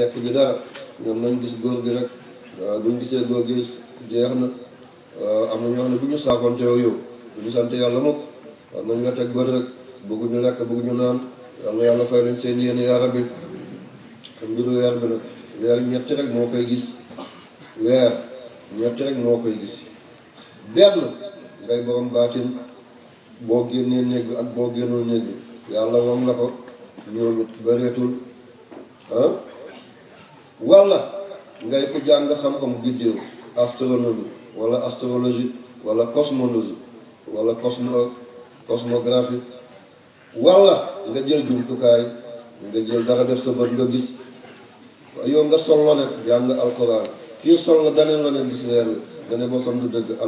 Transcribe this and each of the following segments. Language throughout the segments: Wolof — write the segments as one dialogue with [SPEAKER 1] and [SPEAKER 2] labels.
[SPEAKER 1] lekk ji dara ñoom nañ gis góor gi rek waaw buñ gisee góor gi jeex na waaw am na ñoo xam ne bu ñu saafoonte ak yow bu ñu sant yàlla mukk war nañ nga teg bët rek bëgguñu lekk bëgguñu naan yal na yàlla fay nañ seen yéen yaara bi xam mbiru weer bi nag weer ñetti rek moo koy gis weer ñetti rek moo koy gis benn ngay borom baatin boo génnee néeg bi ak boo génnul néeg bi yàlla wam la ko ñoom it bareetul wala ngay ko jàng xam-xamu biddew astronomie wala astrologie wala cosmologie wala cosmo cosmographie wala nga jël jumtukaay nga jël dara def sa bët nga gis yow nga sol la ne jàng alquran kii sol la beneen la ne gis weer wi nga ne bosom du dëgg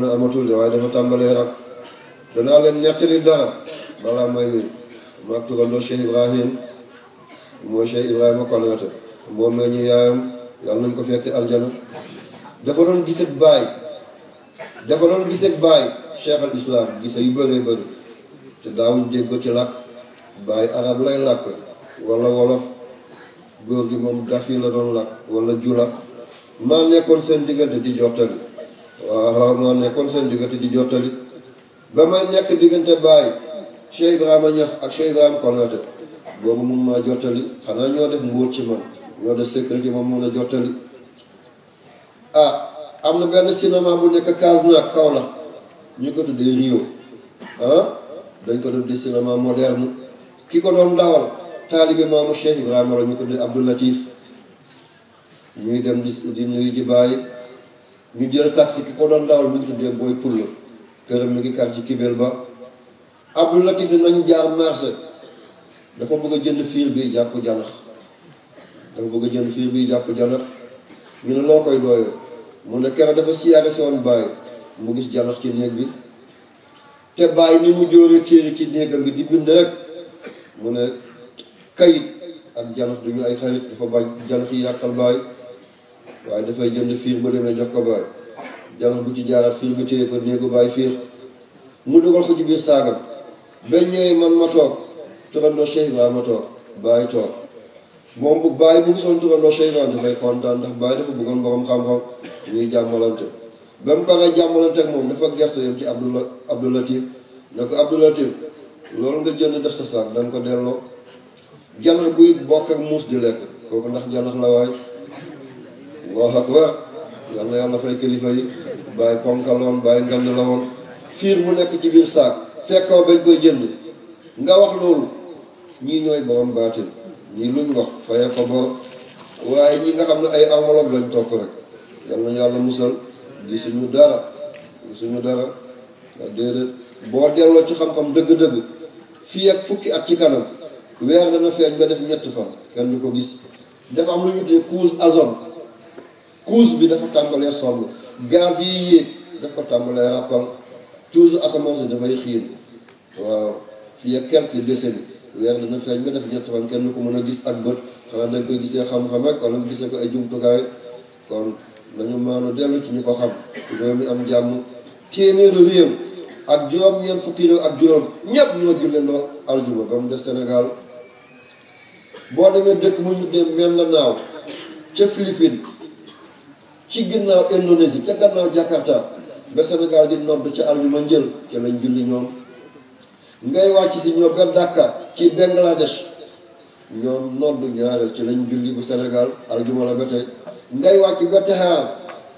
[SPEAKER 1] ne amatul de waaye dafa tàmbalee rak danaa leen nettali dara balaa may lii mag turandoo Cheikh Ibrahim mooy Cheikh Ibrahima Konaté moom la yaayam yàlla nañ ko fekk aljana dafa doon gis ak baay dafa doon gis baay Cheikh al Islam gise yu bëree bëri te daawuñ dégg ci làkk baay arab lay làkk wala wolof góor gi moom dafi la doon làkk wala jula maa nekkoon seen diggante di jottali waaw maa nekkoon seen diggante di jottali ba may nekk diggante baay Cheikh Ibrahima Niass ak Cheikh Ibrahima Konaté boobu mun maa jottali xanaa ñoo def mbóot ci man ñoo def secret ji ma mun a jottali ah am na benn cinéma bu nekk Kasnack Kaolack ñu ko tuddee Rio ah dañ ko tuddee cinéma moderne ki ko doon dawal taalibe maamu Cheikh Ibrahima la ñu ko tuddee Abdou Latif ñuy dem di di nuyu ji bàyyi ñu jël taxi ki ko doon dawal mu ngi tuddee Boy Pull këram mi ngi kar ci Kibel ba Abdou Latif nañ jaar marché dafa bëgg a jënd fiir bii jàpp janax dafa bëgg a jënd fiir bi jàpp janax ñu ne loo koy dooyoo mu ne keroog dafa siyaare si woon bàyyi mu gis janax ci néeg bi te ni mu jóoree ci néegam bi di bind ne kayit ak janax duñu ay xarit dafa bañ janax yi yàqal bàyyi waaye dafay jënd fiir ba demee jox ko bàyyi janax bu ci jaaraat fiir bi téye ko néegu bàyyi fiir mu dugal ko ci saagam ba ñëwee man ma toog turandoo Cheikh Ibrahima ma toog bàyyi toog moom bu bàyyi bu gisoon turandoo Cheikh Ibrahima dafay kontaan ndax bàyyi dafa bëggoon borom xam-xam ñuy jàmmalante ba mu paree jàmmalante ak moom dafa gëstu yëpp ci Abdou Abdou Latif ne ko Abdou Latif loolu nga jënd def sa saak da ko delloo janax buy bokk ak muus di lekk kooku ndax janax la waay allahu akbar yal na yàlla fay kilifa yi bàyyi ponkaloon bàyyi ngand la woon fiir bu nekk ci biir saak fekkoo bañ koy jënd nga wax loolu ñii ñooy borom baatin ñii luñ wax faye ko ba waaye ñi nga xam ne ay enveloppe lañ topp rek yal na yàlla musal gisuñu dara gisuñu dara déedéet boo delloo ci xam-xam dëgg-dëgg fii ak fukki at ci kanam weer dana feeñ ba def ñett fan kenn du ko gis dafa am lu ñu tuddee couche ozone couche bi dafa tàmbalee sonn gaz yi yéeg daf ko tàmbalee rappal toujours asamaan si dafay xiir waaw fii ak quelques décennies weer dana feeñ ba def ñett fan kenn ko mën a gis ak bët xanaa dañ koy gisee xam-xam rek wala nga gisee ko ay jumtukaay kon nañu maanu dellu ci ñu ko xam réew mi am jàmm téeméeru réew ak juróom ñeent fukki réew ak juróom ñëpp ñoo julleendoo aljuma ba mu des Sénégal boo demee dëkk bu ñu dem mel na naaw ca Philippines ci ginnaaw Indonésie ca gannaaw Jakarta ba Sénégal di nodd ci aljuma njël te lañ julli ñoom ngay wàcc si ñoom ba Dakar ci Bangladesh ñoom nodd ñaareel ci lañ julli bu Sénégal aljuma la ba tey ngay wàcc ba Téhéran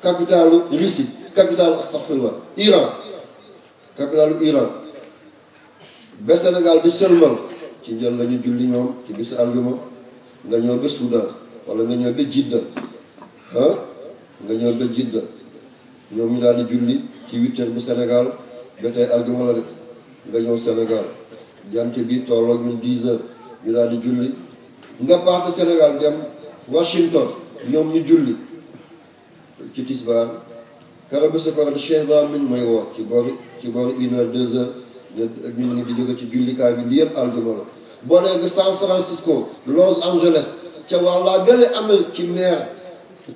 [SPEAKER 1] capitalu Russie capitalu astaghfirullah Iran capitalu Iran ba Sénégal di sëlmal ci njël lañu julli ñoom ci bisu aljuma nga ñëw ba Soudan wala nga ñëw ba Jidda ah nga ñëw ba Jidda ñoom ñu daal di julli ci huit heures bu Sénégal jotee aljuma la nga ñëw Sénégal jant bi tolloo ñun dix heures ñu daal di julli nga passé Sénégal dem Washington ñoom ñu julli ci tisbaar karabu seconde chevron lañ may woo ci boori ci boori une heure deux heures ñu ngi di jóge ci jullikaay bi li aljuma la boo nee ba San Francisco Los Angeles ca wàllaa gën a amee ci mer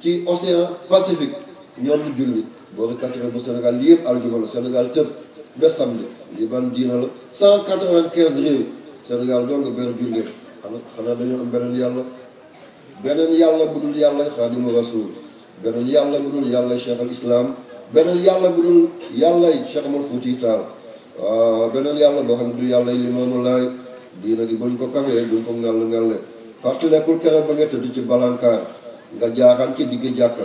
[SPEAKER 1] ci océan Pacifique ñoom ñu julli boobu 80 bu Sénégal lii yëpp aljuma la Sénégal tëb ba samedi lii ban diina la 195 réew Sénégal doo nga benn jullit xanaa xanaa dañoo am beneen yàlla beneen yàlla bu dul yàlla xaadimu rasul beneen yàlla bu dul yàlla cheikh al islam beneen yàlla bu dul yàlla cheikh Umar Fuuti Taal waaw ah, beneen yàlla doo xam ne du yàlla Limaamu Laay diina gi buñ ko kafee buñ ko ngàll ngàlle fàttalekul keroog ba nga tëdd ci balankaar nga jaaxaan ci digg jàkka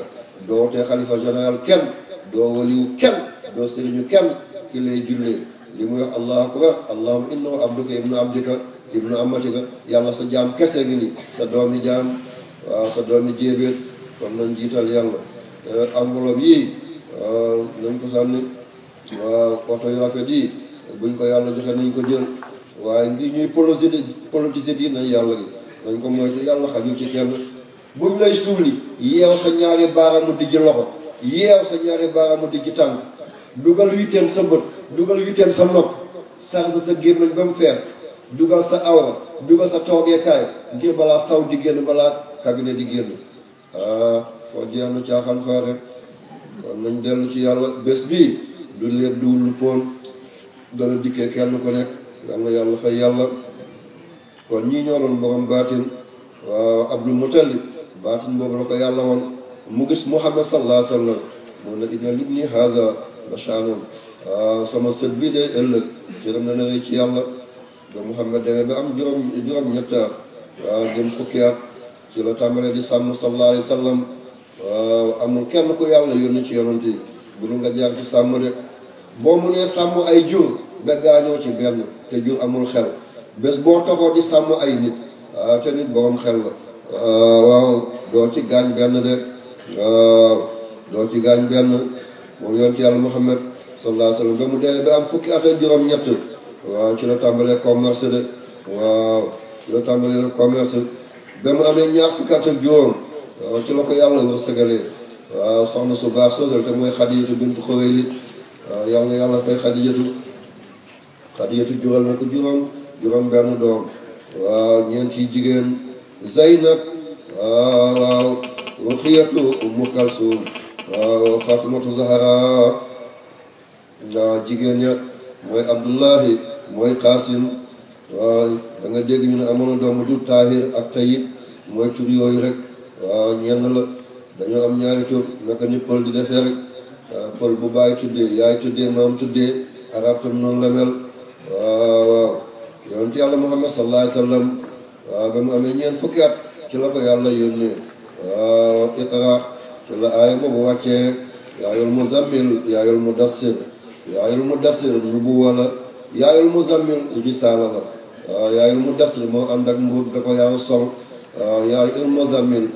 [SPEAKER 1] xalifa général kenn doo waliw kenn doo sëriñu kenn ki lay jullee li muy wax allahu akbar allahuma innahu abduka ibnu abdika ibnu amatika yàlla sa jaam kese ngi nii sa doomi jaam waaw sa doomi jéebéet kon nañ jiital yàlla eh, enveloppe yii nañ ko sànni waaw oto yu rafet buñ ko yàlla joxe nañ ko jël waaye ngi ñuy politique politique yi nañ yàlla gi nañ ko moytu yàlla xajul ci kenn buñ lay suuli yeew sa ñaari baaraamu dijj loxo yeew sa ñaari baaraamu digg tànk dugal witteen sa bët dugal witteen sa nopp sarse sa gémmiñ ba mu fees dugal sa awra dugal sa toogeekaay ngir balaa saw di génn balaa cabinet di génn ah foo jeex na caaxaan faa rek kon nañ dellu ci yàlla bés bii du lépp du wullu poon dana dikkee kenn ku nekk yàlla yàlla fay yàlla kon ñii ñoo doon baatin waaw Abdul Mutalib baatin boobu la ko yàlla woon mu gis muhammad sallallahu alayhi wa sallam mu ne inna libni haza la shaanun waaw ah, sama sët bi day ëllëg cëram na nawee ci yàlla ba muhammad demee ba am juróom juróom ñettaar ah, waaw jëm fukki at ci la tàmbalee di sàmm sallallahu alayhi waaw ah, amul kenn ku yàlla yónni ci yonante bu dul nga jaar ci sàmm de boo mu nee sàmm ay jur ba gaañoo ci benn te jur amul xel bés boo taxoo di sàmm ay nit waaw te nit borom xel la waaw doo ci gaañ benn de doo ci gaañ benn moom yoon ci yàlla Muhammad sallallahu alayhi wasallam ba mu dee ba am fukki at ak juróom ñett waaw ci la tàmbalee commerce de waaw ci la tàmbalee commerce amee ñaar ci la ko yàlla wërsëgalee waaw soxna su baax soosal te mooy Xadijatu bintu Xuwaylid waaw yàlla yàlla fay Xadijatu Xadijatu jural na ko juróom juróom benn doom waaw ñeenti jigéen Zaynab waaw وصية أم كلثوم waaw Fatimatu Zahara waaw jigéen ña mooy Abdullahi mooy Qasim waaw da dégg ñu ne amoon doom bu tudd Tahir ak Tayyib mooy tur yooyu rek waaw ñenn la dañoo am ñaari tur naka ni pël di defee rek pël bu baay tuddee yaay tuddee maam tuddee arab tam noonu la mel waaw waaw yonent yàlla Muhammad sallallahu alayhi wa ba mu amee ñeent fukki at ci la ko yàlla yónnee waaw iqra ci la aaya boobu wàccee yaayul muzammil yaayul mudassir yaayul mudassir nubuwa la yaayul muzammil risaala la waaw yaayul mudassir moo ànd ak mbuub ga ko yaaw sol waaw yaayul muzammil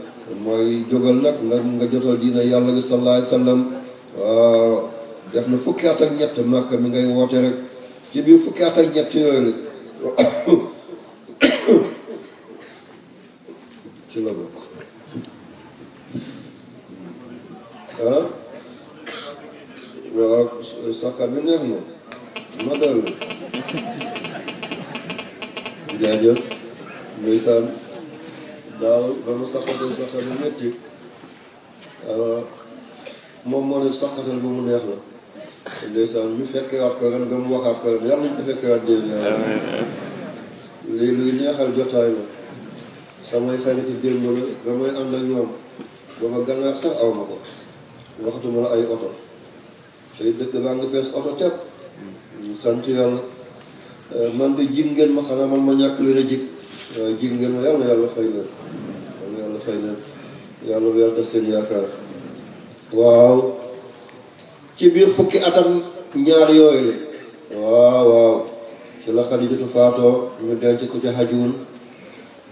[SPEAKER 1] mooy jógal nag nga nga jotal diina yàlla gi sallallahu alayhi wasallam waaw def na fukki at ñett màkk mi ngay woote rek ci bii fukki at ak ñett yooyu la bakkaar bi neex na ma saqatee saqal moom moo ne saqatal bu mu neex la ndeysaan ñu fekkewaat ko ren ba mu waxaat ko ren yàlla nañu ko fekkewaat déwén lii luy neexal jotaay la samay xarit yi démb la damay ànd ak ñoom booba gànnaar sax aw ko waxatuma la ay oto fay dëkk baa nga fees oto tepp sant yàlla euh, man de jig ngeen ma xanaa man ma ñàkk leen a jig waaw euh, jig ngeen ma yàlla yàlla fay leen yàlla yàlla fay leen yàlla bu yàlla def seen yaakaar waaw ci biir fukki atam ñaar yooyu la waaw waaw ci la xadijatu faatoo ñu denc ko ci xajuwul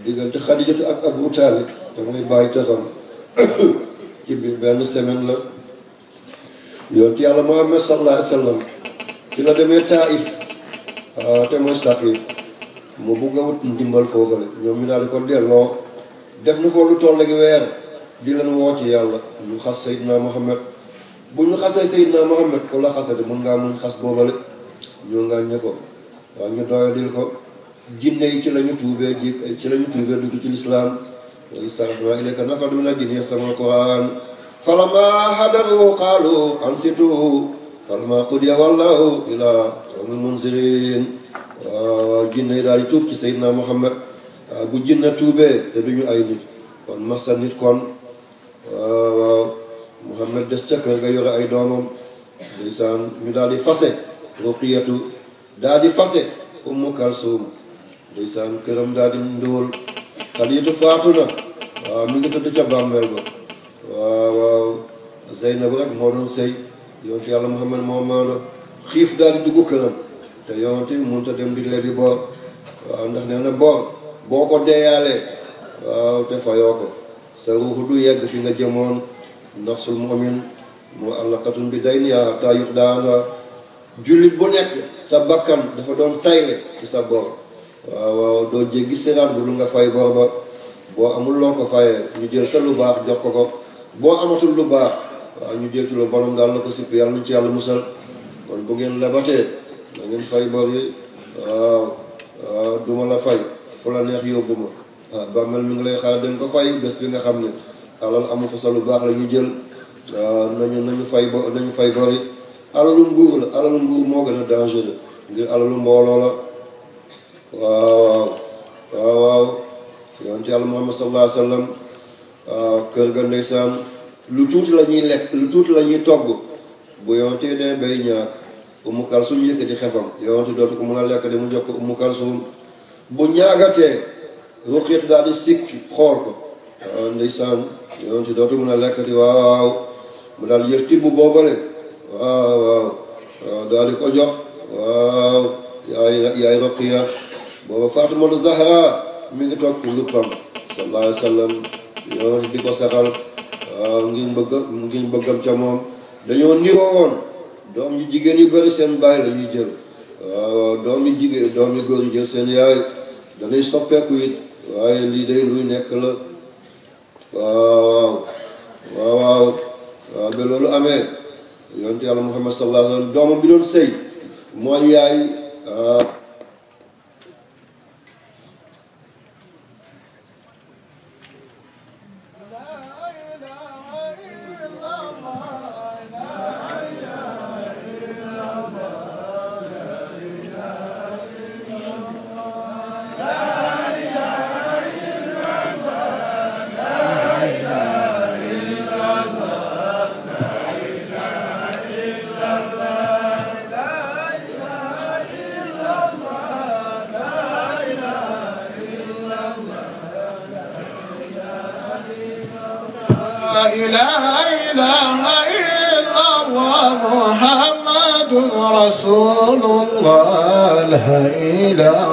[SPEAKER 1] diggante xadijatu ak abu taalib damay bàyyi taxam ci biir benn semaine la yoon ci yàlla Muhammad sallallahu alayhi wa sallam ci la demee Taif te ah, mooy Saqiif mu bugg a wut ndimbal foofale ñoom ñu daal di ko delloo def na ko lu toll ak weer di leen woo ci yàlla ñu xas Seydina Muhammad bu ñu xasee Seydina Muhammad ku la xasate mun ngaa muñ xas boobale ñu ngàññe ko waaw ñu doyadil ko jinne ci la ñu ci la ñu dugg ci lislaam wa istarafna ilayka nafarun jinni yastami'una quran فلما حضروا قالوا أنصتوا فلما قضي والله إلى قوم المنذرين jinne yi daal di tuub ci Seydina Muhammad bu jinne tuubee te duñu ay nit kon masa nit kon waaw des ca kër ga yore ay doomam ndeysaan ñu daal di fase Ruqiyatu daal di fase Ummu Kalsum ndeysaan këram daal ndóol Xadijatu faatu na waaw mi ngi tëdd ca bàmmeel ba Zeynab rek moo doon sëy yonent yàlla Muhammad moo maando xiif daal di dugg këram te yonent bi mënut a dem di lebi boor waaw ndax nee na boor boo ko deeyaalee waaw te fayoo ko sa ruuxu du yegg fi nga jëmoon nafsul mu'min moo allaqatun bi daynihaa hattaa yufdaanhaa jullit bu nekk sa bakkan dafa doon tayle ci sa boor waaw waaw doo jéggi siraat bu lu nga fay boor ba boo amul loo ko fayee ñu jël sa lu baax jox ko ko boo amatul lu baax waaw ñu jékki la borom daal na ko sipp yàlla nañ bu ngeen lebatee fay bor yi waaw waaw la fay fu la neex yóbbu waaw bàmmeel mi ngi lay xaar dañ ko fay bés bi nga xam ne alal amu fa salu baax la ñu jël waaw nañu nañu fay bo fay bor yi alalu nguur la alalu nguur moo gën a dangereux ngir alalu mbooloo la waaw waaw waaw yonent yàlla Muhammad sallallahu alayhi wa sallam waaw kër ga lu tuuti la ñuy lekk lu tuuti la togg bu yowantee dee bay ñaak umu kalsum yëkkati xefam yowante dootu ko mën a lekk de mu jox ko umu kalsum bu ñaagatee ruqeetu daal di sikki xool ko waaw ah, ndeysaan yowante dootu mën a lekk di waaw mu daal yër tibb boobale waaw waaw ah, daal di ko jox waaw yaay yaay ruqiya booba Faatimatu Zahra mi ngi toog ci luppam sallallahu alayhi wa sallam yowante di ko saxal waaw ngir bëgg ngir bëggam ca moom dañoo niroo woon doom yu jigéen yu bari seen baay la ñuy jël waaw yu jigéen doom yu góor yu seen yaay danay soppeeku waaye lii day luy nekk la waaw waaw waaw ba loolu amee yonte yàlla Muhammad sallallahu alayhi wa sallam bi doon sëy mooy yaay ah,
[SPEAKER 2] إله إلا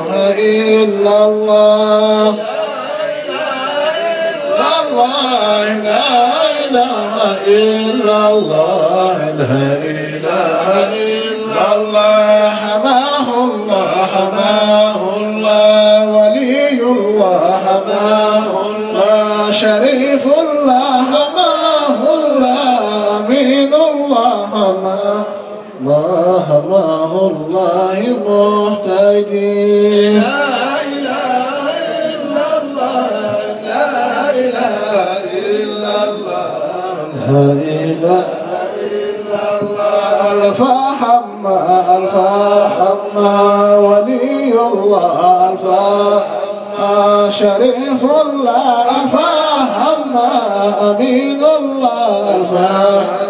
[SPEAKER 2] وجاه الله مهتدي لا إله إلا الله لا إله إلا الله لا إله ولي الله الفاحمة شريف الله الفاحمة أمين الله الفاحمة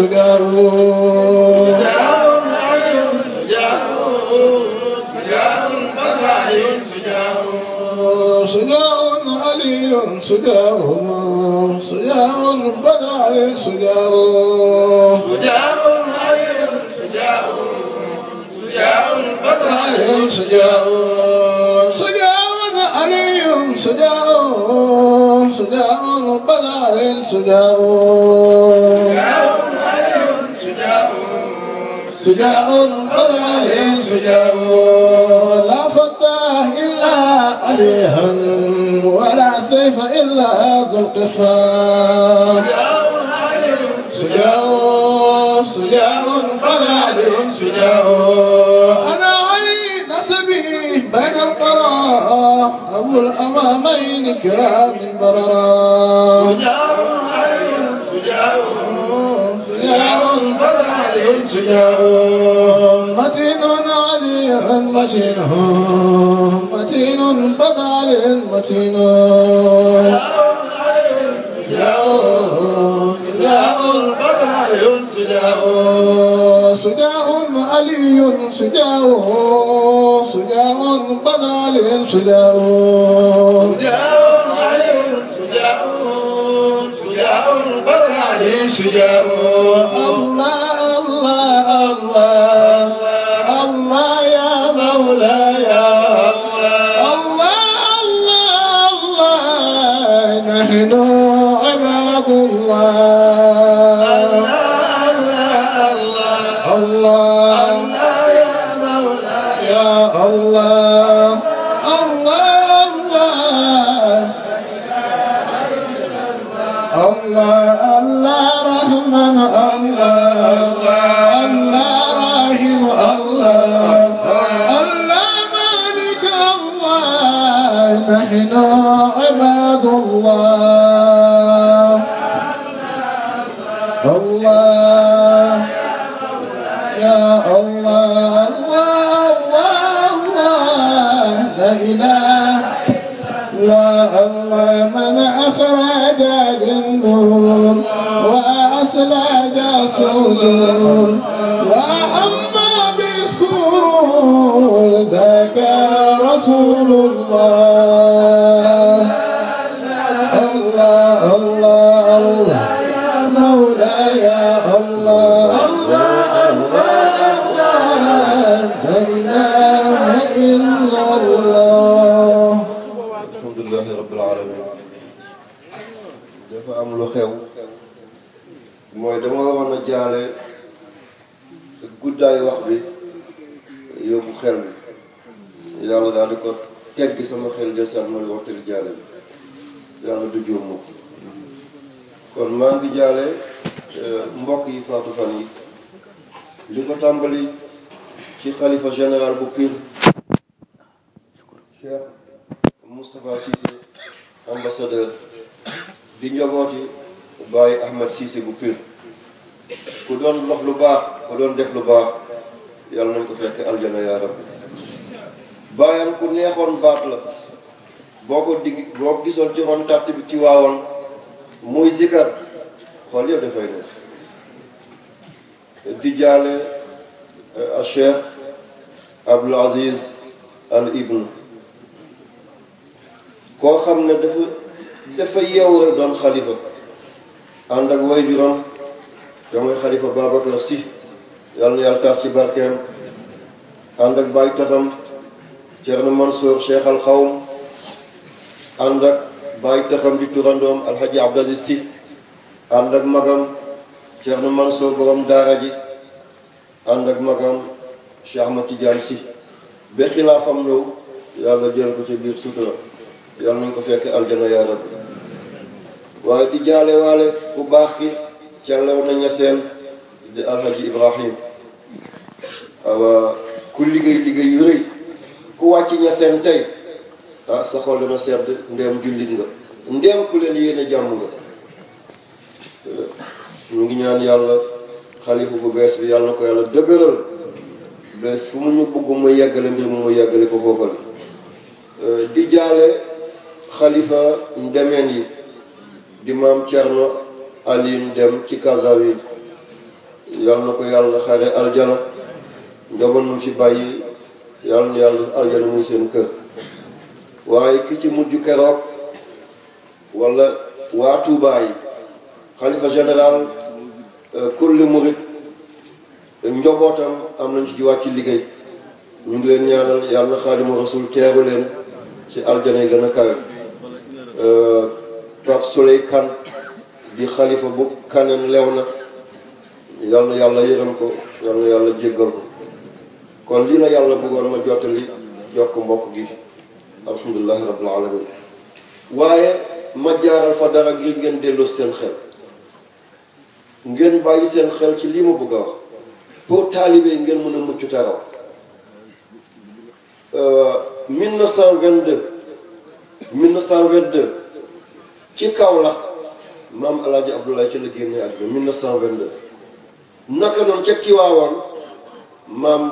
[SPEAKER 2] garoto شجاع عذره شجاع لا فتاه إلا عليها ولا سيف إلا ذو القفا شجاع شجاع عذره شجاع أنا علي نسبه بين القرى أبو الأمامين كرام بررا شجاع علي شجاع شجاع سجاء متين علي متين متين بدر علي متين سجاء علي سجاء سجاء بدر علي سجاء سجاء علي سجاء سجاء بدر علي سجاء نحن عباد الله
[SPEAKER 1] li desaan mooy waxtali jaale bi yàlla du juum mukk kon maa ngi jaale euh, mbokk yi faatu fan yi li ko tàmbali ci xalifa général bu Pire Cheikh Moustapha ambassadeur di njabooti Baye Ahmed Cissé bu Pire ku doon dox lu baax ku doon def lu baax yàlla nañ ko fekk aljana yaa rabbi baayam ku neexoon baat la boo ko dig boo gisoon ci ron tàtt bi ci waawoon muy zikar xool yëpp dafay neex di jaale euh, al cheikh Abdul Aziz al ibn koo xam ne dafa dafa yeewu rek doon xalifa ànd ak waajuram te mooy xalifa Babacar Sy yàlla na yàlla taas ci barkeem ànd ak bàyyi taxam Thierno Mansour cheikh al xawm ànd ak bàyyi taxam di turandoom alxaji Abdou Aziz Sy ànd ak magam Thierno Mansour borom daara ji ànd ak magam Cheikh Ahmad Tidiane Sy xilaafam ñëw yàlla jël ko ci biir sutura yàlla nañ ko fekk aljana yaa rabbi waaye di jaale bu baax ki càllaw na ñaseen di alxaji Ibrahim ku liggéey liggéey yu rëy ku wàcc ñaseen tey ah sa xol dana sedd ndeem jullit nga ndeem ku leen yéene jàmm nga ñu ngi ñaan yàlla xalifa bu bees bi yàlla na ko yàlla dëgëral ba fu mu ñu bëgg mu yeggale mbir mu mu yeggale foofale eh, di jaale xalifa ndemeen yi di maam Thierno Aline Dem ci Casaville yàlla na ko yàlla xare aljana njaboot mu fi bàyyi yàlla yàlla aljana muy seen kër waaye ki ci mujj keroog wala waa Touba yi xalifa général euh, kulli murit njobootam am nañ ci wàcc liggéey ñu ngi leen ñaanal yàlla xaadimu rasul teeru leen ci aljana yi gën a kawe euh, Pape Souley Kane di xalifa bu kaneen lew na yàlla yàlla yërëm ko yàlla yàlla jéggal ko kon lii la yàlla bëggoon ma jottali jokk mbokk gi alhamdulilahi rabbil alamin waaye ma jaaral fa dara ngir ngeen delloo seen xel ngeen bàyyi seen xel ci lii ma bëgg a pour taalibe ngeen mën a mucc taraw 1922 1922 ci Kaolack maam El Hadj ci la génnee ak 1922 naka noonu ca Tiwaawan maam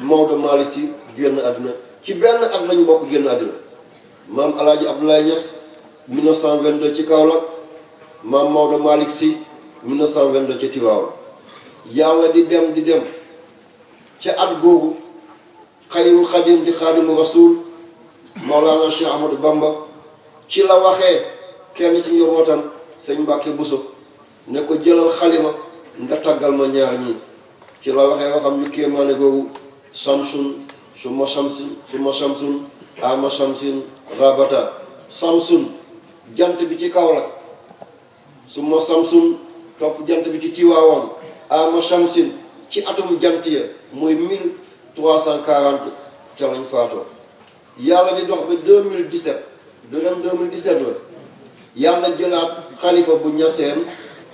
[SPEAKER 1] Maodo Malick Sy génn àdduna ci benn at lañu bokk génn àddina maam El Hadj Abdoulaye Niass 1922 ci Kaolack maam Maodo Malick Sy 1922 ci Tivaouane yàlla di dem di dem ca at googu xayrul xadim di xaadimu rasul Maulana Cheikh Ahmadou Bamba ci la waxee kenn ci njabootam sëñ Mbàkke Buso ne ko jëlal xalima nga tàggal ma ñaar ñi ci la waxee waxam ñu kéemaane googu Samsun ثم شمس ثم شمس أما شمس غابتا شمس جنت بتي كاولك ثم شمس توب جنت بتي تيواوان أما شمس تي أتوم جنت يا موي 1340 ci ya. lañ faato yalla di dox ba 2017 do dem 2017 la yalla jëlaat khalifa bu ñaseen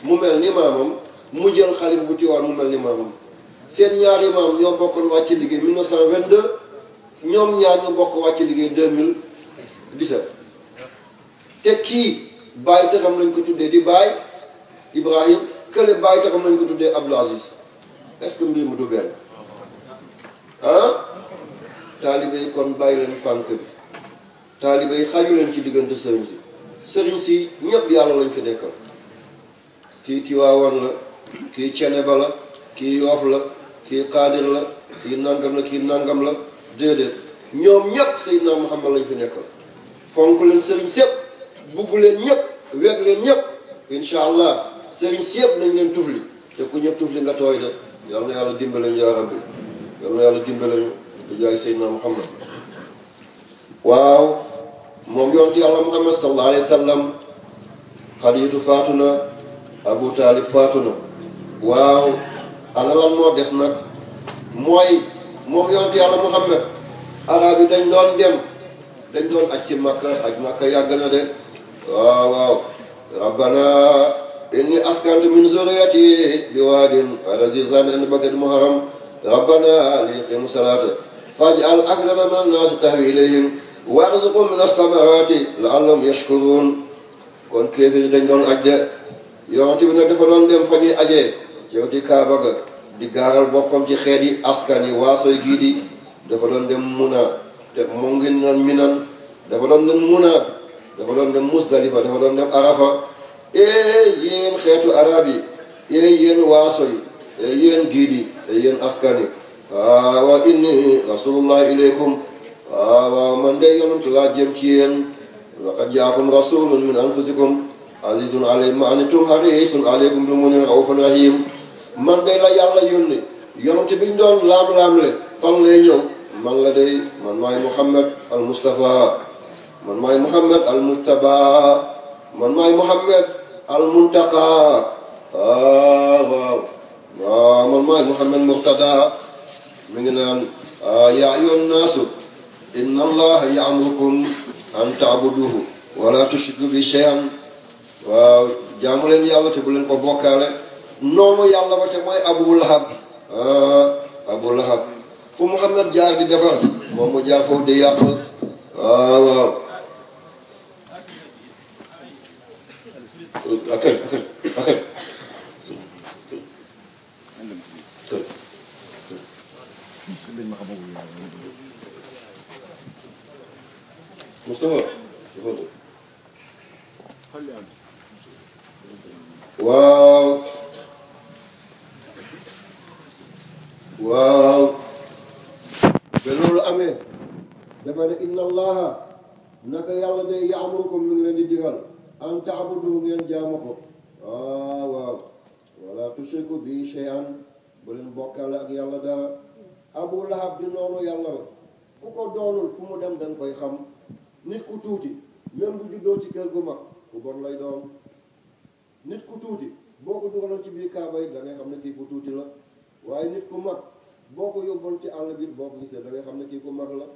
[SPEAKER 1] mu mel ni maamam mu jël khalifa bu tiwaan mu mel ni maamam seen ñaari maam ñoo bokkoon wàcc liggéey 1922 ñoom ñaar ñoo bokk wàcc liggéey 2017 te kii bàyyi taxam lañ ko tuddee di bàyyi Ibrahim kële bàyyi taxam nañ ko tuddee Abdou Aziz est-ce que mbir mu du benn ah taalibe kon bàyyi leen pànk bi taalibe yi xaju leen ci diggante sëriñ si sëriñ si ñëpp yàlla lañu fi nekkal kii Tiwaawan la kii Ceneba la kii Yoof la kii xaadir la kii nangam la kii nangam la déedéet ñoom ñëpp Seydina Muhammad lañ fi nekkal fonk leen sëriñ sépp bugg leen ñëpp weeg leen ñëpp incha allah sëriñ si yëpp nañ leen tufli te ku ñëpp tufli nga tooy de yal na yàlla dimbale ñu yaa rabbi yàlla dimbale ñu di jaay Muhammad waaw moom yonent yàlla Muhammad sallallahu alayhi wa sallam faatu na Abu Taalib faatu na waaw ana lan moo des mooy moom yonent yàlla Muhammad arab yi dem aj si makka aj makka yàgg na de waaw waaw rabbana inni askantu min zurriyati bi waadin ghayri zi zar'in 'inda baytikal muharram rabbana liyaqimu salaata faj'al af'idatan mina n-naasi tahwi ilayhim warzuqhum mina s-samaraati la'allahum yashkuruun kon kéefir dañ doon aj dem fa ñuy yow di kaaba ga di gaaral boppam ci xeet yi askan yi waasoy gii di dafa loon dem Muna te mu ngi nan Minan dafa doon dem Muna dafa doon dem Musdalifa dafa doon dem Arafa ee eh, yéen xeetu arab yi ee eh, yéen waasoy ee eh, yéen gii di ee yéen askan yi ah, waaw inni rasulullah ilaykum ah, waaw man de yonent laa jëm ci yéen laqad jaakum rasulun min anfusikum azizun alayhi ma antum harisun alaykum bi mu ne raufun rahim man day la yàlla yónni yonent bi ñu laa laam-laamle fan man la day man maay Muhammad al Mustafa man maay Muhammad al Mujtaba man maay Muhammad al Muntaqa ah, waaw waaw ah, waaw ngi naan ah, yaa ayyuhan naasu inna allaha ya'murukum an ta'buduhu wala tushriku bi shay'an waaw jaamu leen yàlla te bu leen ko bokkaale noonu yàlla ba te mooy abu lahab abu lahab fu muhammad jaar di defar moom mu jaar foofu di yàq waaw waaw akal akal akal مصطفى تفضل واو waaw ba loolu amee dafa ne inna allaha naka yàlla day yaamurukum ko ngi leen di digal an taabudu ngeen jaamu ko waaw waaw wala tushriku bi shay'an bu leen bokkaale ak yàlla dara abu lahab di noonu yàlla rek ku ko doonul fu mu dem danga koy xam nit ku tuuti même bu juddoo ci kër gu mag ku bon lay doon nit ku tuuti boo ko dugaloon ci biir kaaba yi da xam ne kii ku tuuti la waaye nit ku mag boo ko yóbboon ci àll bi boo ko gisee da xam ne kii ku mag la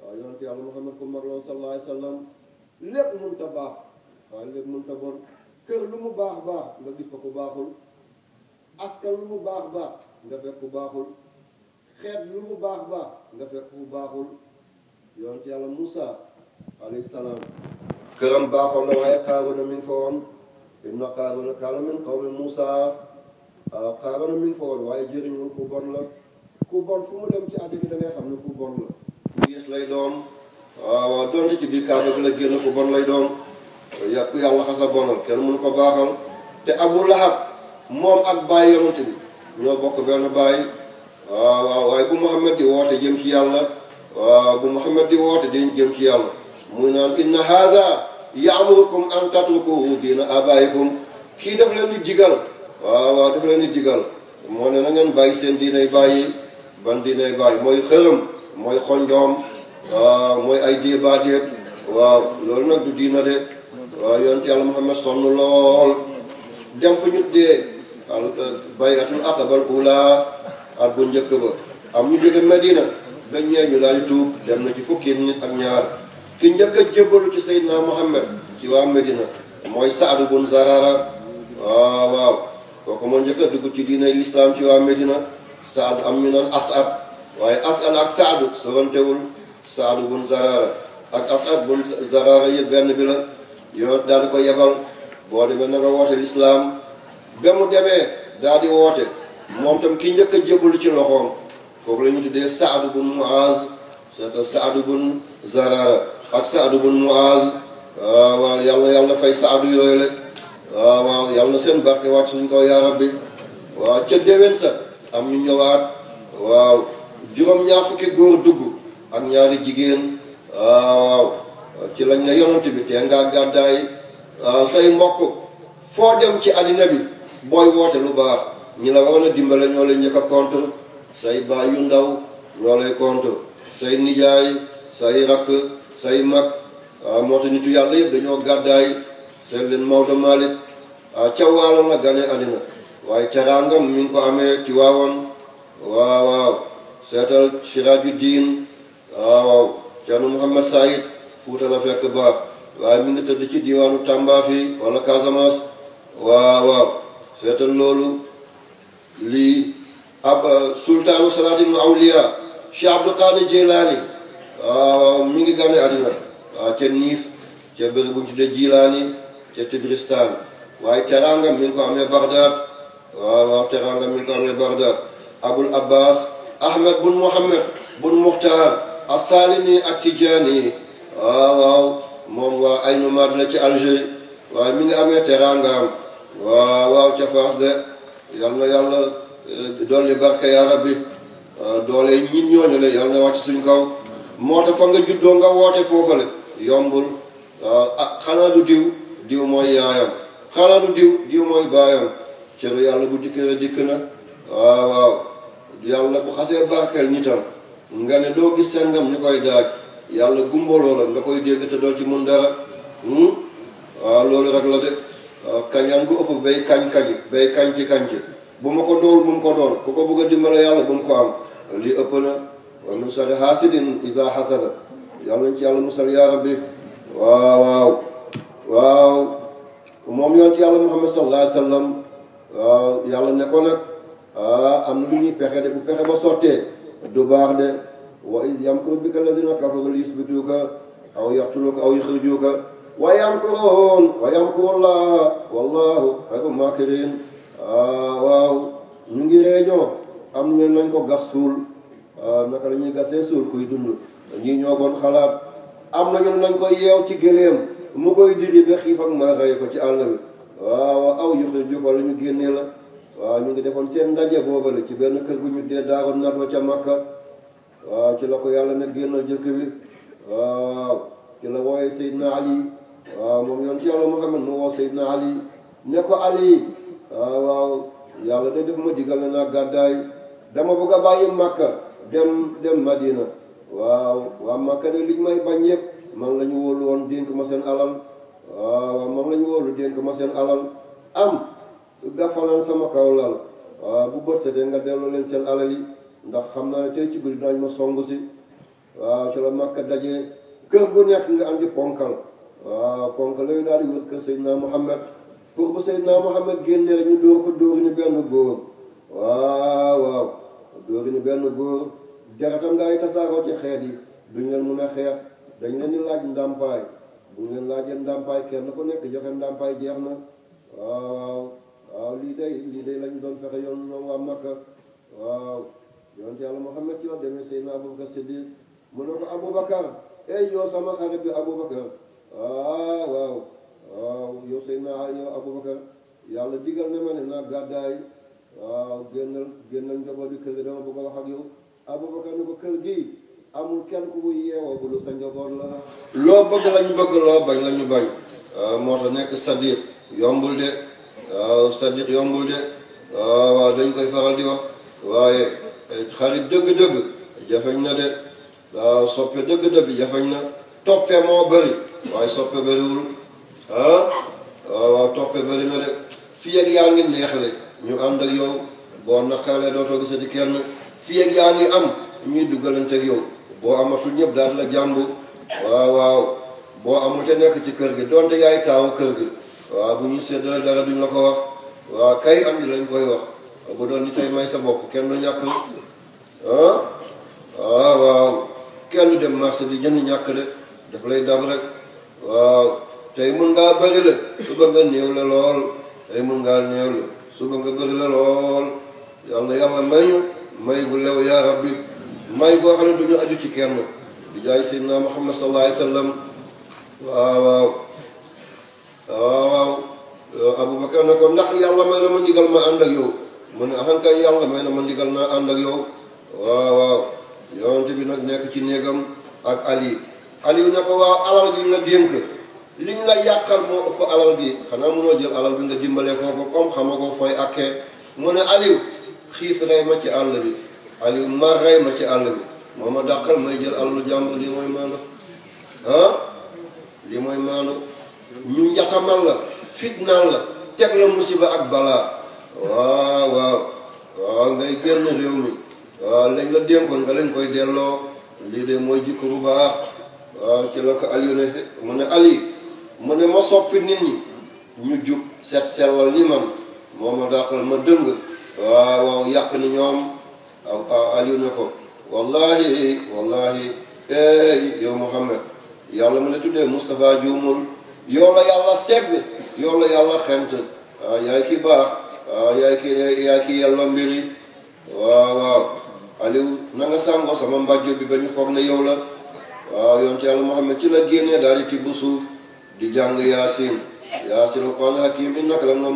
[SPEAKER 1] waaw yonent yàlla Muhammad ku mag la sallallahu alayhi wa sallam lépp mun ta baax waaw lépp mun ta kër lu mu baax baax nga gis ko ku baaxul askan lu mu baax baax nga fekk ku baaxul xeet lu mu baax baax nga fekk bu baaxul yonent yàlla Moussa alayhi salaam këram baaxoon na waaye Qaaruuna mi ngi fa woon inna Qaaruuna kaana min qawmi Moussa waaw Qaaruuna mi waaye jëriñul ku bon la ku bon fu mu dem ci àddina bi da ngay xam ne ku bon la ku lay doon waaw doonte ci biir kaaba bi la génn ku bon lay doon ya ku yàlla xasa bonal kenn mënu ko baaxal te abu lahab moom ak baay yonante bi ñoo bokk benn baay waaw waaye bu muhammad di woote jëm ci yàlla waaw bu muhammad di woote dañ jëm ci yàlla mu naan inna haza yaamurukum an tatruku diina abaayikum kii daf leen di digal waaw waaw daf leen di digal moo ne na ngeen bàyyi seen diinay bàyyi ban diine baay mooy xërëm mooy xonjoom waaw mooy ay débat déet waaw loolu nag du diina de waaw yonent yàlla Muhammad sonn lool dem fu ñu dee euh, bay'atul aqabal ula at bu njëkk ba am ñu jóge Medina ba ñee ñu daal tuub dem na ci fukki nit ak ñaar ki njëkk jébbalu ci Seydina Muhammad ci waa Medina mooy Saadu bun Zarara waaw waaw kooku moo njëkk a dugg ci diinay lislaam ci waa Medina saadu am ñu naan waaye asad ak saadu sorantewul saadu bun zaraara ak asad bun zaraara yëpp benn bi la yow daal di ko yebal boo demee na nga woote lislaam ba mu demee daal di woote moom tam ki njëkk a ci loxoom kooku la tuddee saadu bun muaz c'est saadu bun zaraara ak saadu bun muaz waaw ah, waaw yàlla yàlla fay saadu yooyu la ah, waaw waaw yàlla seen barke waat suñ kaw yaa rabbi waaw ca déwén sa am ñu ñëwaat waaw juróom-ñaar fukki góor dugg ak ñaari jigéen waaw ci lañ la yonent bi te ngaa gàddaay ah, say mbokk foo dem ci àddina bi booy woote lu baax ñi la waroon a dimbale ñoo lay njëkk a say baay yu ndaw ñoo lay contre say nijaay say rakk say mag waaw ah, moo tax nitu yàlla yëpp dañoo gàddaay seen leen Maodo Malick ah ca waalo la gane àddina waaye teraangam mi ngi ko amee ci waawoon waaw waaw seetal siraaju diin waa waaw ceerno Muhammad Saïd Fuuta fekk baax waaye mi ngi tëdd ci diwaanu Tamba fii wala Casamance waaw seetal loolu li ab sultaanu salaatil awliya Cheikh Abdou Qadir Jilaani waaw mi ngi gane àddina waa ca Niif ca bërëb bu ñu tuddee ca Tibristan waaye teraangam mi ngi ko amee Bagdad waaw waaw teraanga mi ngi ko amee Bagdad abul abbas ahmed bun mohammed bun muxtaar asaalimi ak tijaani waaw waaw moom waa ay nomade la ci Alger waaye mi ngi amee teraangaam waaw waaw ca Faas de yal na yàlla eh, dolli barke yaa rabbi doole ñin ñooñu la yal na wàcc suñ kaw moo tax fa nga juddoo nga woote foofa la yombul waaw ah xanaa du diw diw mooy yaayam xanaa diw diw mooy baayam cëru yàlla bu dikkee dikk na waaw waaw yàlla bu xasee barkeel nitam nga ne doo gis sengam ñu koy daaj yàlla gumbaloo la nga koy dégg te doo ci mun dara hmm? waaw loolu rek la de waaw kañaan gu ëpp bay kañ kañ bay kañ ci bu ma ko dool bu mu ko doon ku ko bëgg a dimbale yàlla bu mu ko am lii ëpp na wa min sharri hasidin iza hasada yàlla ci yàlla musal yaa rabbi waaw waaw waaw moom yoon ci yàlla muhammad sallallahu wa sallam waaw yàlla ne ko nag ah, am na lu ñuy pexe de bu pexe ba sottee du baax de wa iz yamkuru bika lazina kafaru liyusbituuka aw yaqtuluuka aw yuxrijuuka wa yamkuruun wa yamkurullah wallahu xayru maakirin ah, waaw ñu ngi réunion am ñu nañ ko gas suul ah, na la ñuy gasee suul kuy dund ñii ñoo doon xalaat am na ñun nañ ko yeew ci gëléem mu koy diri ba xiif ak maa rey ko ci àll bi waaw aw yuxriju ko la ñu génnee la waaw ñu ngi defoon seen ndaje booba la ci benn kër gu ñu dee daaroon natwa ca makka waaw ci la ko yàlla ne génnal jëkk bi waaw ci la wooyee Seydina Ali waaw moom yoon ci yàlla Muhammad mu woo Seydina Ali ne ko Ali waaw yàlla de def ma digal naa gàddaay dama bëgg a bàyyi makka dem dem Madina waaw waa makka de liñ may bañ yëpp man la ñu wóolu woon dénk ma seen alal waaw moom lañu wóolu dénk ma seen alal am gafalaan sama kaw lal waaw ah, bu bët setee nga delloo leen seen alal yi ndax xam naa ne tey ci bëri daañu ma song si waaw ah, ci la màkka dajee kër gu nekk nga andi ponkal waaw ah, ponkal yooyu daal di wër kër Seydina Mohamed pour bu Seydina Mohamed génnee ñu dóor ko dóor ni benn góor waaw waaw ni benn jaratam ci yi duñ leen dañ leen di laaj bu laa leen laajee ndàmpaay kenn ku nekk joxe ndàmpaay jeex na waaw waaw waaw lii day lii day lañ doon fexe yoon ñoom waa Makka waaw yàlla Muhammad ci wax demee Seydina Abubakar Siddiq mu ne ko Abubakar yow sama xarit bi Abubakar waaw waaw yow Seydina yow Abubakar yàlla digal na ma ne naa gàddaay waaw génnal génnal njaboot bi kër dama bëgg a wax ak yow Abubakar ni ko kër gi amul kenn ku muy yeewoo bu lu la loo bëgg lañu bëgg loo bañ lañu bañ euh, moo tax nekk sadiq yombul de waaw euh, sadiq yombul de waaw euh, waaw dañ koy faral di wax waaye xarit dëgg-dëgg jafeñ na de waaw soppe dëgg-dëgg jafeñ na toppe moo bëri waaye soppe bëriwul ah waaw toppe bëri na de fii ak yaa ngi neexle ñu àndak ak yow boo naqaree dootoo gisati kenn fii ak yaa ngi am ñuy duggalanteeg yow boo amatul ñëpp daal la jàmbu waaw waaw boo amul a nekk ci kër gi donte yaay taawu kër gi waaw bu ñu séddale dara duñ la ko wax waaw kay am di lañ koy wax bu sa bopp kenn du ñàkk ah waaw waaw kenn dem marché di jënd ñàkk de daf lay dab rek waaw tey mun ngaa bëri la suba nga néew la lool tey mun ngaa néew la suba nga bëri la lool yàlla yàlla may ñu may lew yaa rabbi may goo xam du ñu aju ci kenn di jaay seydina muhammad sallallahu alayhi wa sallam waaw waaw waaw waaw abubakar ne ko ndax yàlla may na ma ndigal ma ànd ak yow mu ne axankay yàlla may na ma ndigal naa ànd ak yow waaw waaw yonent bi nag nekk ci néegam ak ali ali ne ko waaw alal gi nga dénk li la yàqal moo ëpp alal bi xanaa mënoo jël alal bi nga dimbalee kooku comme xama ko fooy akkee mu ne aliw xiif rey ma ci àll bi Aliou ma ma ci àll bi moo ma dàqal may jël alalu jàmbur lii mooy maandu ah lii mooy maandu ñu njatamal la fitnaan la teg la musiba ak balaa waaw waaw waaw ngay génn réew mi waaw lañ la dénkoon nga leen koy delloo lii de mooy jikko bu baax waaw ci la ko Aliou nit ñi set sellal ni man moo ma dàqal ma dëng waaw waaw yàq ni ñoom Aliou ne wallahi wallahi ey yow Muhammad yàlla mu la tuddee Moustapha juumul yow la yàlla segg yow la yàlla xent waaw yaay ki baax waaw yaay ki yaay ki yàlla mbiri waaw waaw Aliou na nga sàngoo sama mbàjjo bi ba ñu foog ne yow la waaw yonte yàlla Muhammad ci la génnee daal di tibb suuf di jàng yaasin yaasin alquran hakim innaka lam na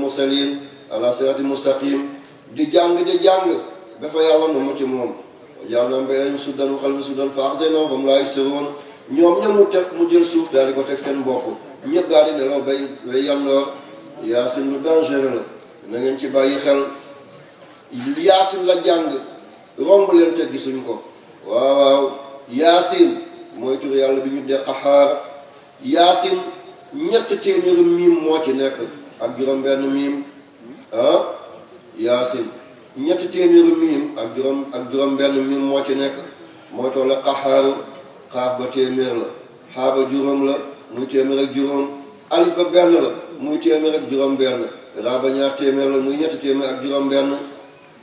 [SPEAKER 1] ala sirati mustaqim di jàng di jàng dafa yàlla na ma ci moom mu mbay nañ suddan xal bi suddan faax seen aw ba mu laay sëwoon ñoom ña mu teg mu jël suuf daal di ko teg seen bopp ñëpp daal di nelaw bay bay yandoor yaasin lu dangereux la na ngeen ci bàyyi xel yaasin la jàng romb leen te gisuñ ko waaw waaw yaasin mooy tur yàlla bi ñu dee xaxaar yaasin ñett téeméeri miim moo ci nekk ak juróom-benn miim ah yaasin ñetti téeméeri miim ak juróom ak juróom benn miim moo ci nekk mooy toll xaxaaru xaaf ba téeméer la xaa ba juróom la muy téeméer ak juróom alif ba benn la muy téeméer ak juróom benn raa ba ñaar téeméer la muy ñetti téeméer ak juróom benn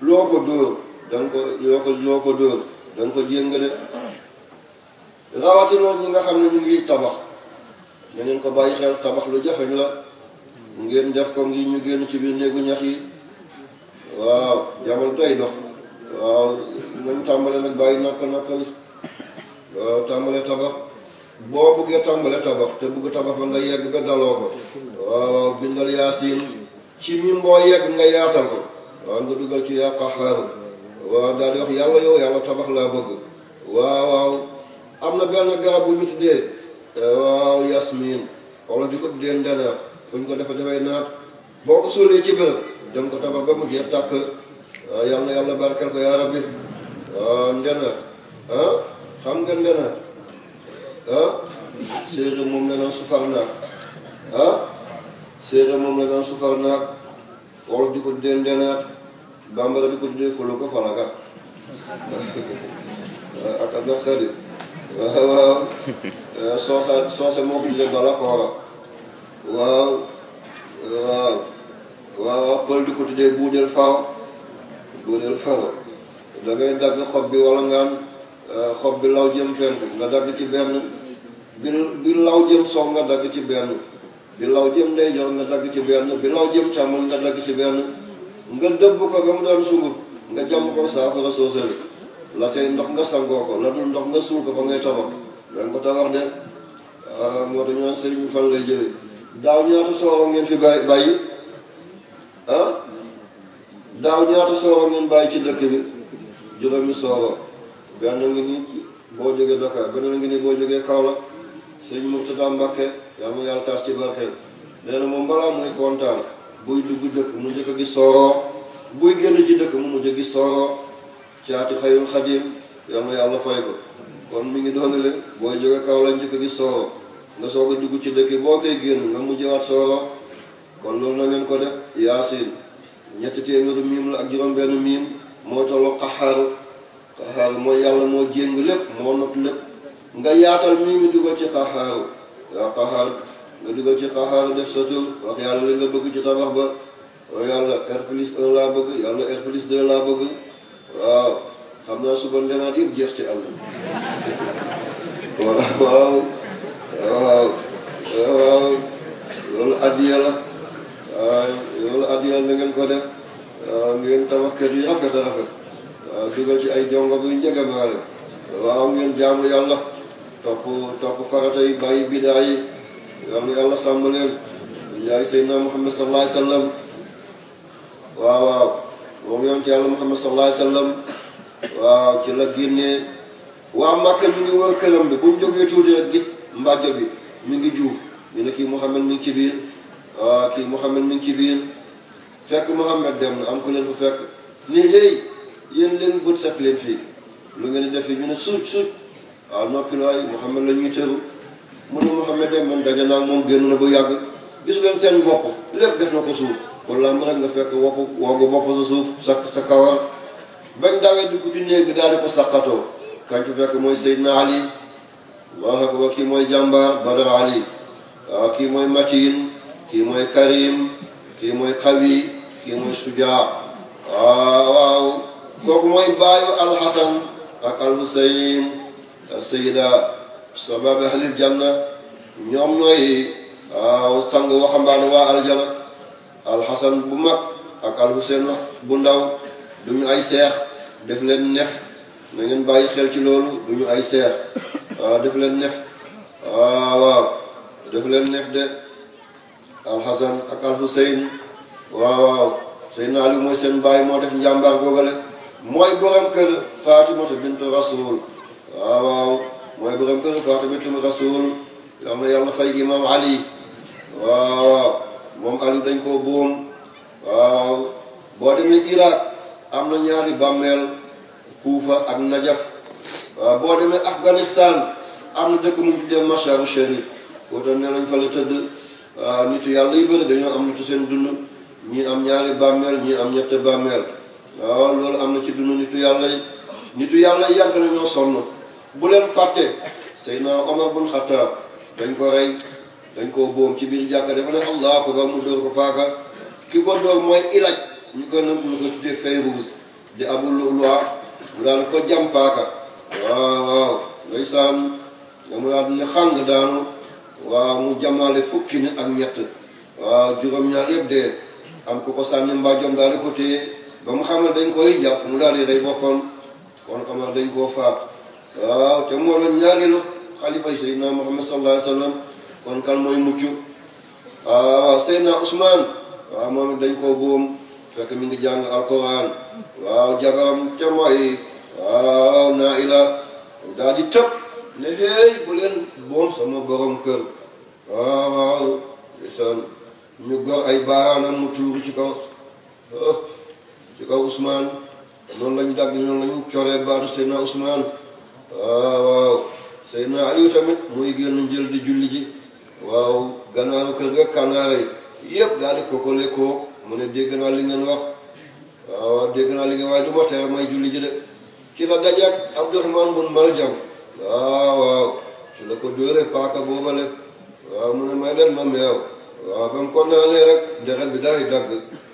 [SPEAKER 1] loo ko dóor danga ko loo ko loo ko dóor danga ko jéngale rawatina ñi nga xam ne ñu ngi tabax na ngeen ko bàyyi xel tabax lu jafeñ la ngeen def ko ngir ñu génn ci biir néegu ñax waaw jamono day dox waaw nañ tàmbale nag bàyyi nàkk nàkkali waaw tàmbale tabax boo bëggee tàmbale tabax te bëgg tabax ba nga yegg ba daloo ko waaw bindal yaasin ci mi mboo yegg nga yaatal ko waaw nga dugal ci yaa qaxaaru waaw daal wax yàlla yow yàlla tabax laa bëgg waaw waaw am na benn garab bu ñu waaw yasmin wala di ko tuddee ndenaat fu ñu ko defe dafay naat boo ko sóolee ci bërëb dem ko tama ba mu jeex tàkk yàlla yàlla barkeel ko yaa rabbi ndena ah xam nga ndena ah séeréer moom la naan sufar naag ah séeréer moom la naan sufar naag wolof di ko tuddee ndenaat bambara di ko tuddee folo ko falaga ak ab daf xadi waaw soose soose moo ko tuddee bala koora waaw waaw waaw pël di ko tuddee buujal faro buujal faro da ngay dagg xob bi wala nga am euh, xob bi law jëm penku nga dagg ci benn bi bi law jëm sow nga dagg ci benn bi law jëm ndeyjoor nga dagg ci benn bi law jëm càmmoñ nga dagg ci benn nga dëbb ko ba mu doon sunguf nga jàmm ko saafara soosali la cay ndox nga sangoo ko la dul ndox nga suul ko fa ngay tabax nga ko tabax de ah, moo dañu naan sëriñ bi fan lay jëlee daaw ñaata sooro ngeen fi bàyyi bàyyi ah daaw ñaata sooro ngeen bàyyi ci dëkk bi juróomi sooro benn ngi nii boo jógee Dakar benn ngi nii boo jógee Kaolack seen Murtada Mbàkke yal na yàlla taas ci barkeem nee na moom balaa muy kontaan buy dugg dëkk mu njëkk a gis sooroo buy génn ci dëkk mu mujj a gis sooroo caati xayul xadim yal na yàlla fay ko kon mi ngi doon le booy jógee Kaolack njëkk a gis sooroo nga soog a dugg ci dëkk boo koy génn nga mujjewaat sooroo kon noonu la ngeen ko def yaasin ñetti téeméeru miim la ak juróom benn miim moo tolloo xaxaaru xaxaaru mooy yàlla moo jéng lépp moo not lépp nga yaatal miimi dugal ci xaxaaru waaw xaxaar nga dugal ci xaxaaru def sa tur wax yàlla li nga bëgg ci tabax ba waaw yàlla r plus 1 laa bëgg yàlla r plus laa bëgg waaw xam naa suba ndenaat yëpp jeex ci àll waaw waaw waaw loolu addiya la waaw loolu àdduna na ngeen ko kër yi rafet a rafet waaw dugal ci ay jongo buy njëkk ba pare waaw ngeen jaamu yàlla topp topp farata yi bàyyi bidaa yi yal na yàlla sàmm leen yaay Seydina Muhammad sallallahu waaw waaw moom yonent yàlla Muhammad sallallahu waaw ci la génnee waa Màkka mi ngi wër këram bi bu jógee tuuti gis mbàjjo bi mu ngi juuf ñu ne kii Muhammad mi ngi ci biir. waaw ah, kii Mouhamed mi ngi ci biir fekk Mouhamed dem na am ku leen fa fekk ni hey yéen leen bët set leen fii lu ngeen di def fii ñu ne suuc suuc waaw ah, noppi laay Mouhamed la ñuy tëru mu ne Mouhamed dem man daje naa moom génn na bu yàgg gis leen seen bopp lépp def na ko suuf kon làmb rek nga fekk wokk woggu bopp sa suuf sa sa kawar bañ dawee dugg ci néeg bi daal di ko sàqatoo kañ fu fekk mooy Seydina Ali waaw kii mooy jàmbaar Badara Ali waaw ah, kii mooy Matiin kii mooy karim kii mooy xawi kii mooy sujaa waaw waaw kooku mooy baayu alxasan ak alxuseyn sayida sabab ahlil janna ñoom ñooy waaw sang waxambaane waa aljana alxasan bu mag ak alxuseyn bu ndaw duñu ay seex def leen nef na ngeen bàyyi xel ci loolu duñu ay seex waaw def leen nef waaw waaw def leen nef de alxasan ak alxuseyn waaw waaw Seydina Ali mooy seen baay moo def njàmbaar googale mooy borom kër Fatimatu bintu Rasul waaw waaw mooy borom kër Fatimatu bintu Rasul yal na yàlla fay imam Ali waaw moom Ali dañ koo buum waaw boo demee Irak am na ñaari bàmmeel Kuufa ak Najaf waaw boo demee Afghanistan am na dëkk mu tuddee Mashar Sharif koo tam nee nañ fa tëdd waaw nitu yàlla yu bëri dañoo am na ci seen dund ñii am ñaari bàmmeel ñii am ñette bàmmeel waaw loolu am na ci dund nitu yàlla yi nitu yàlla yàgg nañoo sonn bu leen fàtte Seydina Omar bun Xattaab dañ ko rey dañ koo boom ci biir jàkka dafa ne allahu akbar mu dóor ko paaka ki ko dóor mooy ilaj ñu ko nag ñu ko tuddee di Abu Lu'lu'a mu daal ko jam paaka waaw waaw ndeysaan mu daal ne xàng daanu waaw mu jamaale fukki nit ak ñett waaw juróom-ñaar yëpp dee am ku ko sànni mbaa jom daal di ko téye ba mu xamal dañ koy jàpp mu daal di rey boppam kon Omar dañ koo faat waaw te moo doon ñaareelu xalifa Seydina Muhammad sallallahu alayhi wa waaw Seydina Ousmane waaw moom dañ koo buum fekk mi ngi jàng alquran waaw jabaram te waaw naa ila daal di tëb ne hey bu leen boom sama borom kër waaw waaw isaan ñu gor ay baaraanam mu tuuru ci kaw oh, ci kaw usmaan noonu lañu dagg noonu lañu coree baatu Seydina Ousmane waaw waaw Seydina Aliou tamit muy génn njël di julli ji waaw ganaaru kër ga kanaara yi yëpp daal di kokole koo mu ne dégg naa li ngeen wax waaw dégg naa li ngeen waaye du ma tere may julli ji de ci la dajeek bun Maljam waaw waaw ci la ko dóore paaka boobale waaw mu ne may leen ma meew waaw ba mu ko naanee rek deret bi daay dagg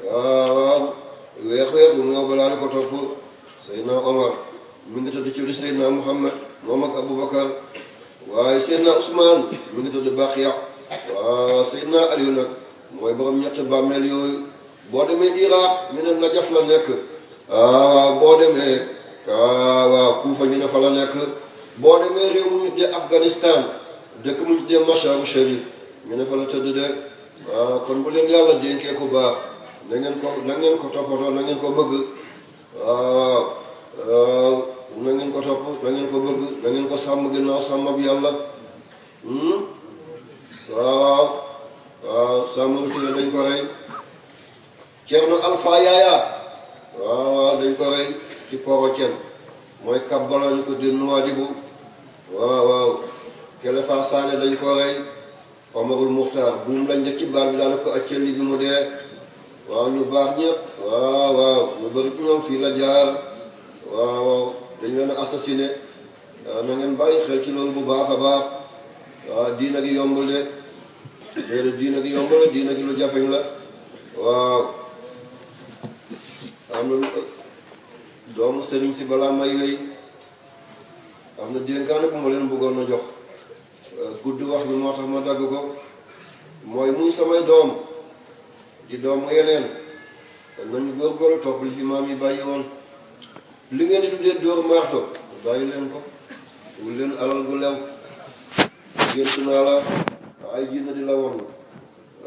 [SPEAKER 1] waaw waaw weex weexu meew balaa la ko topp Seydina Omar mi ngi tudd ci biir Seydina Muhammad moom ak Aboubacar waaye Seydina Ousmane mi ngi tudd Baqiya waaw Seydina Aliou nag mooy borom ñett bàmmeel yooyu boo demee Iraq ñu ne Najaf la nekk waaw boo demee waaw Kuufa ñu ne fa la nekk boo demee réew mu Afghanistan dëkk mu ñu tuddee Machar Sharif ñu ne fa la tëdd de waaw ah, kon bu leen yàlla dénkee ku baax na ngeen ko na ngeen ko toppatoo na ngeen ko bëgg ah, ah, na ngeen ko topp na ngeen ko bëgg na ngeen ko sàmm ginnaaw sàmm bi yàlla waaw hmm? waaw sàmm bi tuddee dañ ko rey Ceerno Alpha Yaaya waaw dañ ko rey ci poro Ceen mooy kàbbala ñu ko di Nouadhibou waaw waaw kelefa saane dañ ko rey omarul muxtaar buum lañ def ci baal bi daal ko acce li bi mu dee waaw ñu baax ñépp waaw waaw ñu bëri ñoom fii la jaar waaw dañ leen a assassiné waaw na bàyyi xel ci loolu bu baax a baax waaw diina gi yombul de déedéet diina gi yombul de diina gi lu jafeñ la waaw am na doomu sëriñ si balaa may wéy am na dénkaane bu ma leen bëggoon a jox euh, gudd wax bi moo tax ma dagg ko mooy muy samay doom di doomu yeneen nañu góorgóorlu topp li fi maam yi bàyyi woon li ngeen di tuddee dóor marto bàyyi leen ko wul leen alal gu lew gént naa la ay jinne di la woon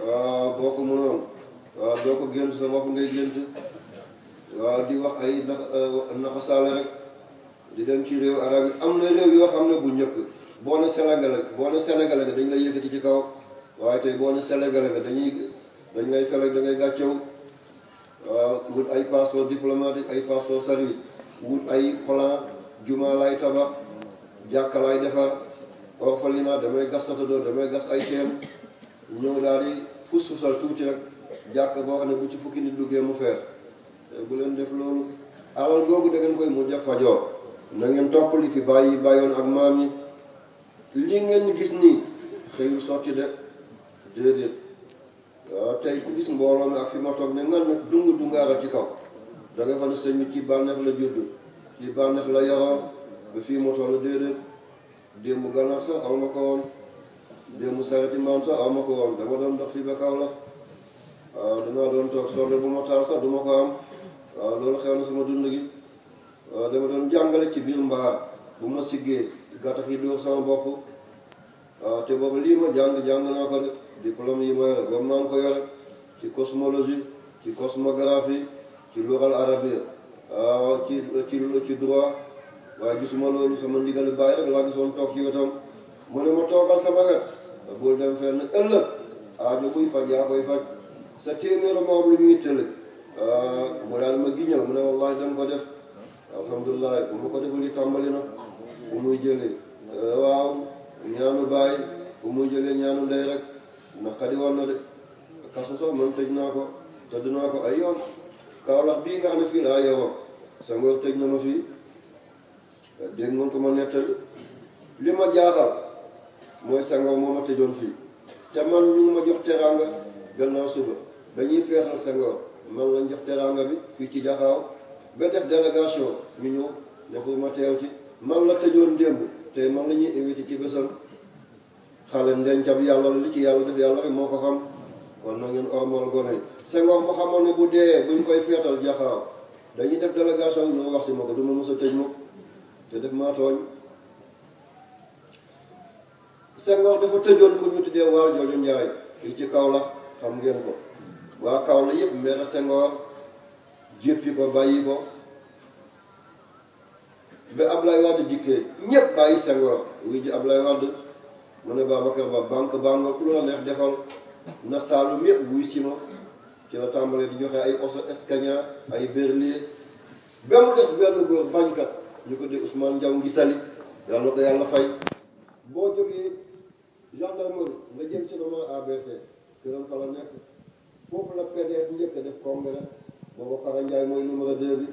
[SPEAKER 1] waaw boo ko mënoon waaw doo ko gént sa bopp ngay gént waaw di wax ay nax euh, naxasaale rek di dem ci réew arab yi am na réew yoo xam ne bu njëkk boo ne Sénégal boo ne Sénégal dañ lay yëkkati ci kaw waaye tey boo ne Sénégal nga dañuy dañ lay felek da ngay gàccew waaw wut ay passeport diplomatique ay passeport service wut ay plan juma lay tabax jàkka lay defar orphelinat damay gas satadoo damay gas ay teen ñëw daal di fus-fusal tuuti rek jàkk boo xam ne bu ci fukki nit duggee mu fees bu leen def loolu alal googu da ngeen koy mu a fajoo na ngeen topp li fi bàyyi bàyyoon ak maam yi li ngeen gis nii xëyul sotti de déedéet waaw tey ku gis mbooloo mi ak fi ma toog ne nga dung dungaara ci kaw da nga xam ne sëñ bi ci bànneex la judd ci bànneex la yaroo ba fii ma toog ne déedéet démb ganaar sax aw ko woon démb sareti maam sax aw ko woon dama doon dox fi ba kaw la waaw damaa doon toog bu ma taal sax du ko am waaw loolu sama dund gi dama doon jàngale ci biir mbaar bu ma siggee gattax yi dóor sama bopp waaw te boobu lii ma jàng jàng naa ko de diplôme yi ma yore boobu ngi ko yore ci cosmologie ci cosmographie ci lugal arabia waaw ci ci ci droit waaye gisuma loolu sama ndigal bàyyi rek laa gisoon toog ci wetam mu ne ma toogal sama wet bul dem fenn ëllëg aajo buy faj yaa koy faj sa téeméeru moom lu ñuy tële mu daal ma giñal mu ne wallahi dama ko def alhamdulilah bu mu ko deful di tàmbali na bu muy jëlee eh, waaw ñaanu bàyyi bu muy jëlee ñaanu ndey rek ndax kadi woon na de kaso soo man tëj naa ko tëdd naa ko ay yoon Kaolack bii nga xam ne fii laa yoroo Senghor tëj na ma fii dégg ngeen ko ma nettali li ma jaaxal mooy Senghor moo ma tëjoon fii te man ñu ma jox teraanga gannaaw suba dañuy feexal Senghor man lañ jox teraanga bi fii ci jaxaaw ba def délégation ñu ñëw ne ko ma teew ci man la tëjoon démb tey man la ñuy invité ci bésam xale ndencam yàlla li ci yàlla def yàlla rek moo ko xam kon na ngeen ormool gone yi Senghor mu xamoon ne bu dee buñ koy feetal jaxaaw dañuy def délégation ñu ma wax si ma ko du ma tëj mukk te def maa tooñ Senghor dafa tëjoon ko ñu tuddee waar jooju njaay yi ci kaw la xam ngeen ko waa kaw la yëpp mbeera Senghor jéppi ko bàyyi ko ba Ablaye Wade dikkee ñëpp bàyyi Senghor wuy ji Ablaye Wade mu ne Babacar Ba banque banque ku la neex defal na Saalum yëpp wuy si ma ci la tàmbalee di joxe ay oto Scania ay Berlier ba mu des benn góor bañkat ñu ko di Ousmane Diaw Ngisali
[SPEAKER 2] yàlla na ko yàlla fay
[SPEAKER 1] boo jógee gendarmerie nga jëm ci noonu ABC këram fa la nekk foofu la PDS njëkk def congrès boobu Xara Njaay mooy numéro 2 bi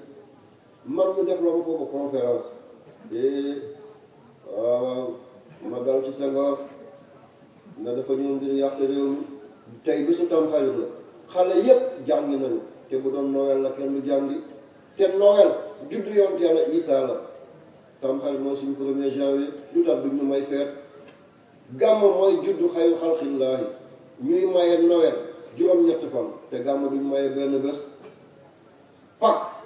[SPEAKER 1] man ñu def loolu foofu conférence di waaw ma dal ci Senghor na dafa ñëw ngir yàq réew mi tey bisu tam xarit la xale yépp jàngi nañu te bu doon Noël la kenn du jàngi te Noël juddu yoon Yàlla Isaa la tam xarit mooy suñu premier janvier lu tax duñ ñu may feet gàmm mooy juddu xayu xalqillaahi ñuy maye Noël juróom-ñett fan te gàmm duñu maye benn bés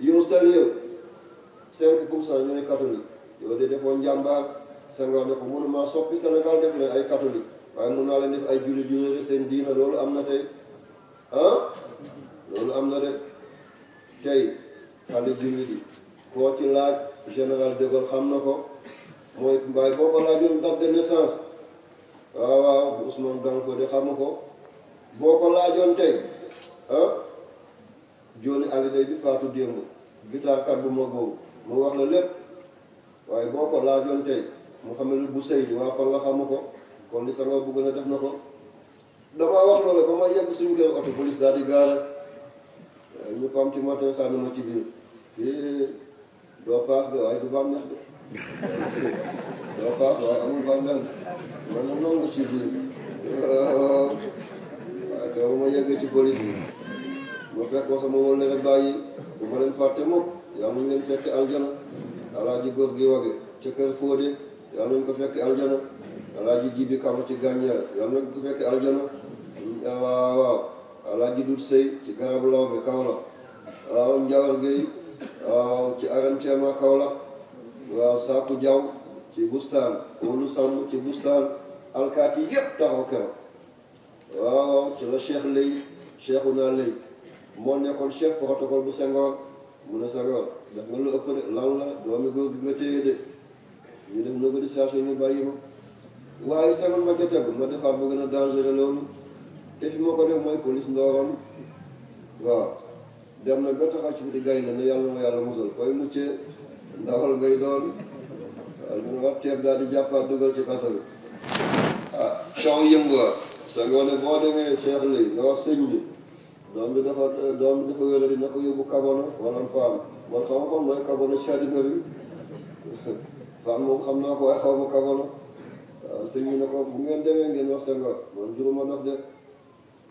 [SPEAKER 1] yow sax yow 5 pour cent catholique yow de defoo njàmbaar Senghor ne ko mënuma soppi Sénégal def leen ay catholique waaye mën naa leen def ay jullit yu seen diina loolu am na tey ah loolu am na de tey xale jullit yi koo ci laaj général de xam na ko mooy mbaay boo ko laajoon date de naissance waaw waaw Ousmane Danfodi xam ko boo ko laajoon tey ah. jooni aliday bi faatu démb gitaar kaddu ma boobu mu wax la lépp waaye boo ko laajoon tey mu xamal bu sëy waa fan nga xamu ko kon li sa nga bëgg na def na ko damaa wax loolu ba ma yegg suñu kër oto police daal di gaare eh, ñu pam ci matin sànni ma ci biir kii eh, doo paas de waaye du bam neex de doo paas waaye amul bam neex de man na noonu nga ci biir waaye kaw ma fekk sama wëllëre bàyyi bu ma leen fàtte mukk yal nañ leen fekk aljana alaaji góor gi wage ca kër Fodé yal nañ ko fekk aljana alaaji jibi kama ci gàññeel yal nañ ko fekk aljana waaw waaw alaaji dut sëy ci garabu law bi kaw la waaw njawar géy waaw ci aranceema kaw la waaw saatu jaw ci bustaan oolu sàmm ci bustaan alkaati yépp taxaw keroog waaw ci la cheikh lay cheikhu naa lay moo nekkoon chef protocole bu Senghor mu a Senghor def nga lu ëpp de lan la doomi góor gi nga téye de ñu def négociation ñu bàyyi ma waaye gën a dangereux loolu te fi ma ko def mooy police ndoorom na ba taxaw ci fi di gay na ngay doon waaw a wax ceeb daal di jàppaat dugal ci kaso bi ah taw yënguwaat Senghor ne boo demee Cheikh Ly nga wax sëñ bi doom bi dafa doom bi dafa wéradi na ko yóbbu kabono wala faam man xaw ma ko mooy kabono ci bi faam moom xam naa ko waaye xaw ma kabono waaw sëñ ne ko bu ngeen demee ngeen wax Senghor man a dof de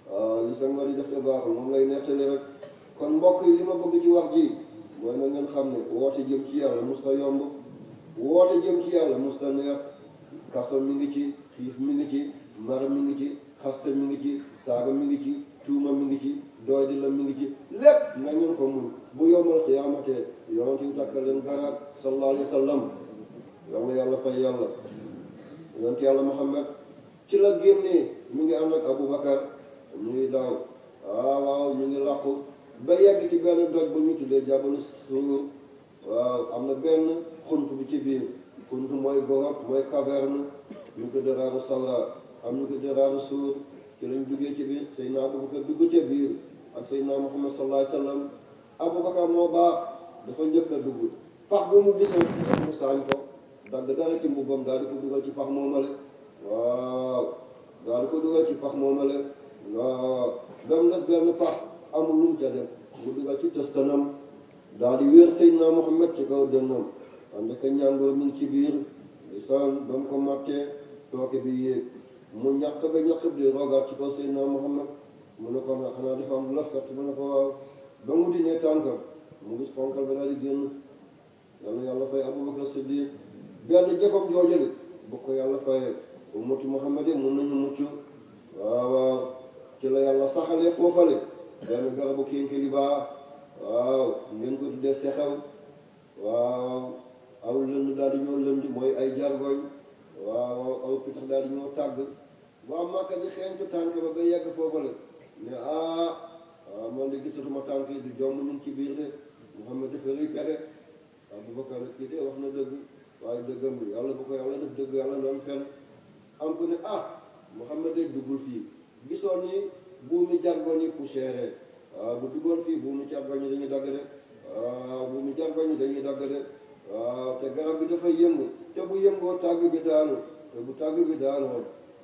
[SPEAKER 1] waaw li Senghor yi def te baaxul moom lay nettali rek kon mbokk yi li ma bëgg ci wax ji mooy na ngeen xam ne woote jëm ci yàlla musta yomb woote jëm ci yàlla musta neex kaso mi ngi ci xiif mi ngi ci mara mi ngi ci xaste mi ngi ci saaga mi ngi ci tuuma mi ngi ci dooy di la mi ngi ci lépp nga ko mun bu yowmal xiyaamatee yonent yu dakka leen garaat sallallahu alayhi wa sallam yàlla yàlla fay yàlla yonent yàlla la génnee mi ngi ànd ak ñu ngi daaw waaw waaw ñu ngi làqu am na benn xunt bu ci ñu ko déraaru sawra am ñu ko déraaru suur ci lañ duggee ci biir sëy naa ko bu ko dugg ca biir ak Seydina Muhammad sallallahu alayhi wa sallam Aboubacar moo baax dafa njëkk a pax bu mu gisee mu saañ ko dagg dara ci mbubbam daal di ko dugal ci pax moomale waaw daal di ko dugal ci pax moomale waaw dem des benn pax ci testanam daal di wéer Seydina Muhammad ci kaw dënnam ànd ak ñàngoor mi ngi ci biir ba mu ko màttee tooke bi yéeg mu ñàkk ba ñàkk bi rogaat ci kaw Seydina Muhammad mu ne ko xanaa dafa am lu la fett mu ne ko waaw ba mu dinee tànkam mu gis ponkal ba daal di génn yàlla yàlla fay abubakar siddiq benn jëfam joojale bu ko yàlla fayee ummatu muhammad yi mun nañu mucc waaw waaw ci yàlla saxalee foofale benn garabu kénkeli baa waaw ngeen ko tuddee sexew waaw aw lënd daal di ñoo lënd mooy ay jargoñ waaw aw pitax daal di ñoo tàgg waa màkka di xeeñtu tànk ba ba yegg foofale ne ah ah man de gisatuma ma yi du jomb ñu ngi ci biir de Muhammad dafa rëy pexe Abubakar kii de wax na dëgg waaye dëggam bi yàlla bu ko yàlla def dëgg yàlla na am fenn am ku ne ah Muhammad de duggul fii gisoon ni buumi jargoñ yi poussière waaw ah, bu duggoon fii buumi jargoñ yi dañuy dagg de waaw ah, buumi jargoñ yi dañuy dagg de waaw ah, te garab bi dafa yëngu te bu yëngoo tàgg bi daanu te bu tàgg bi daanoo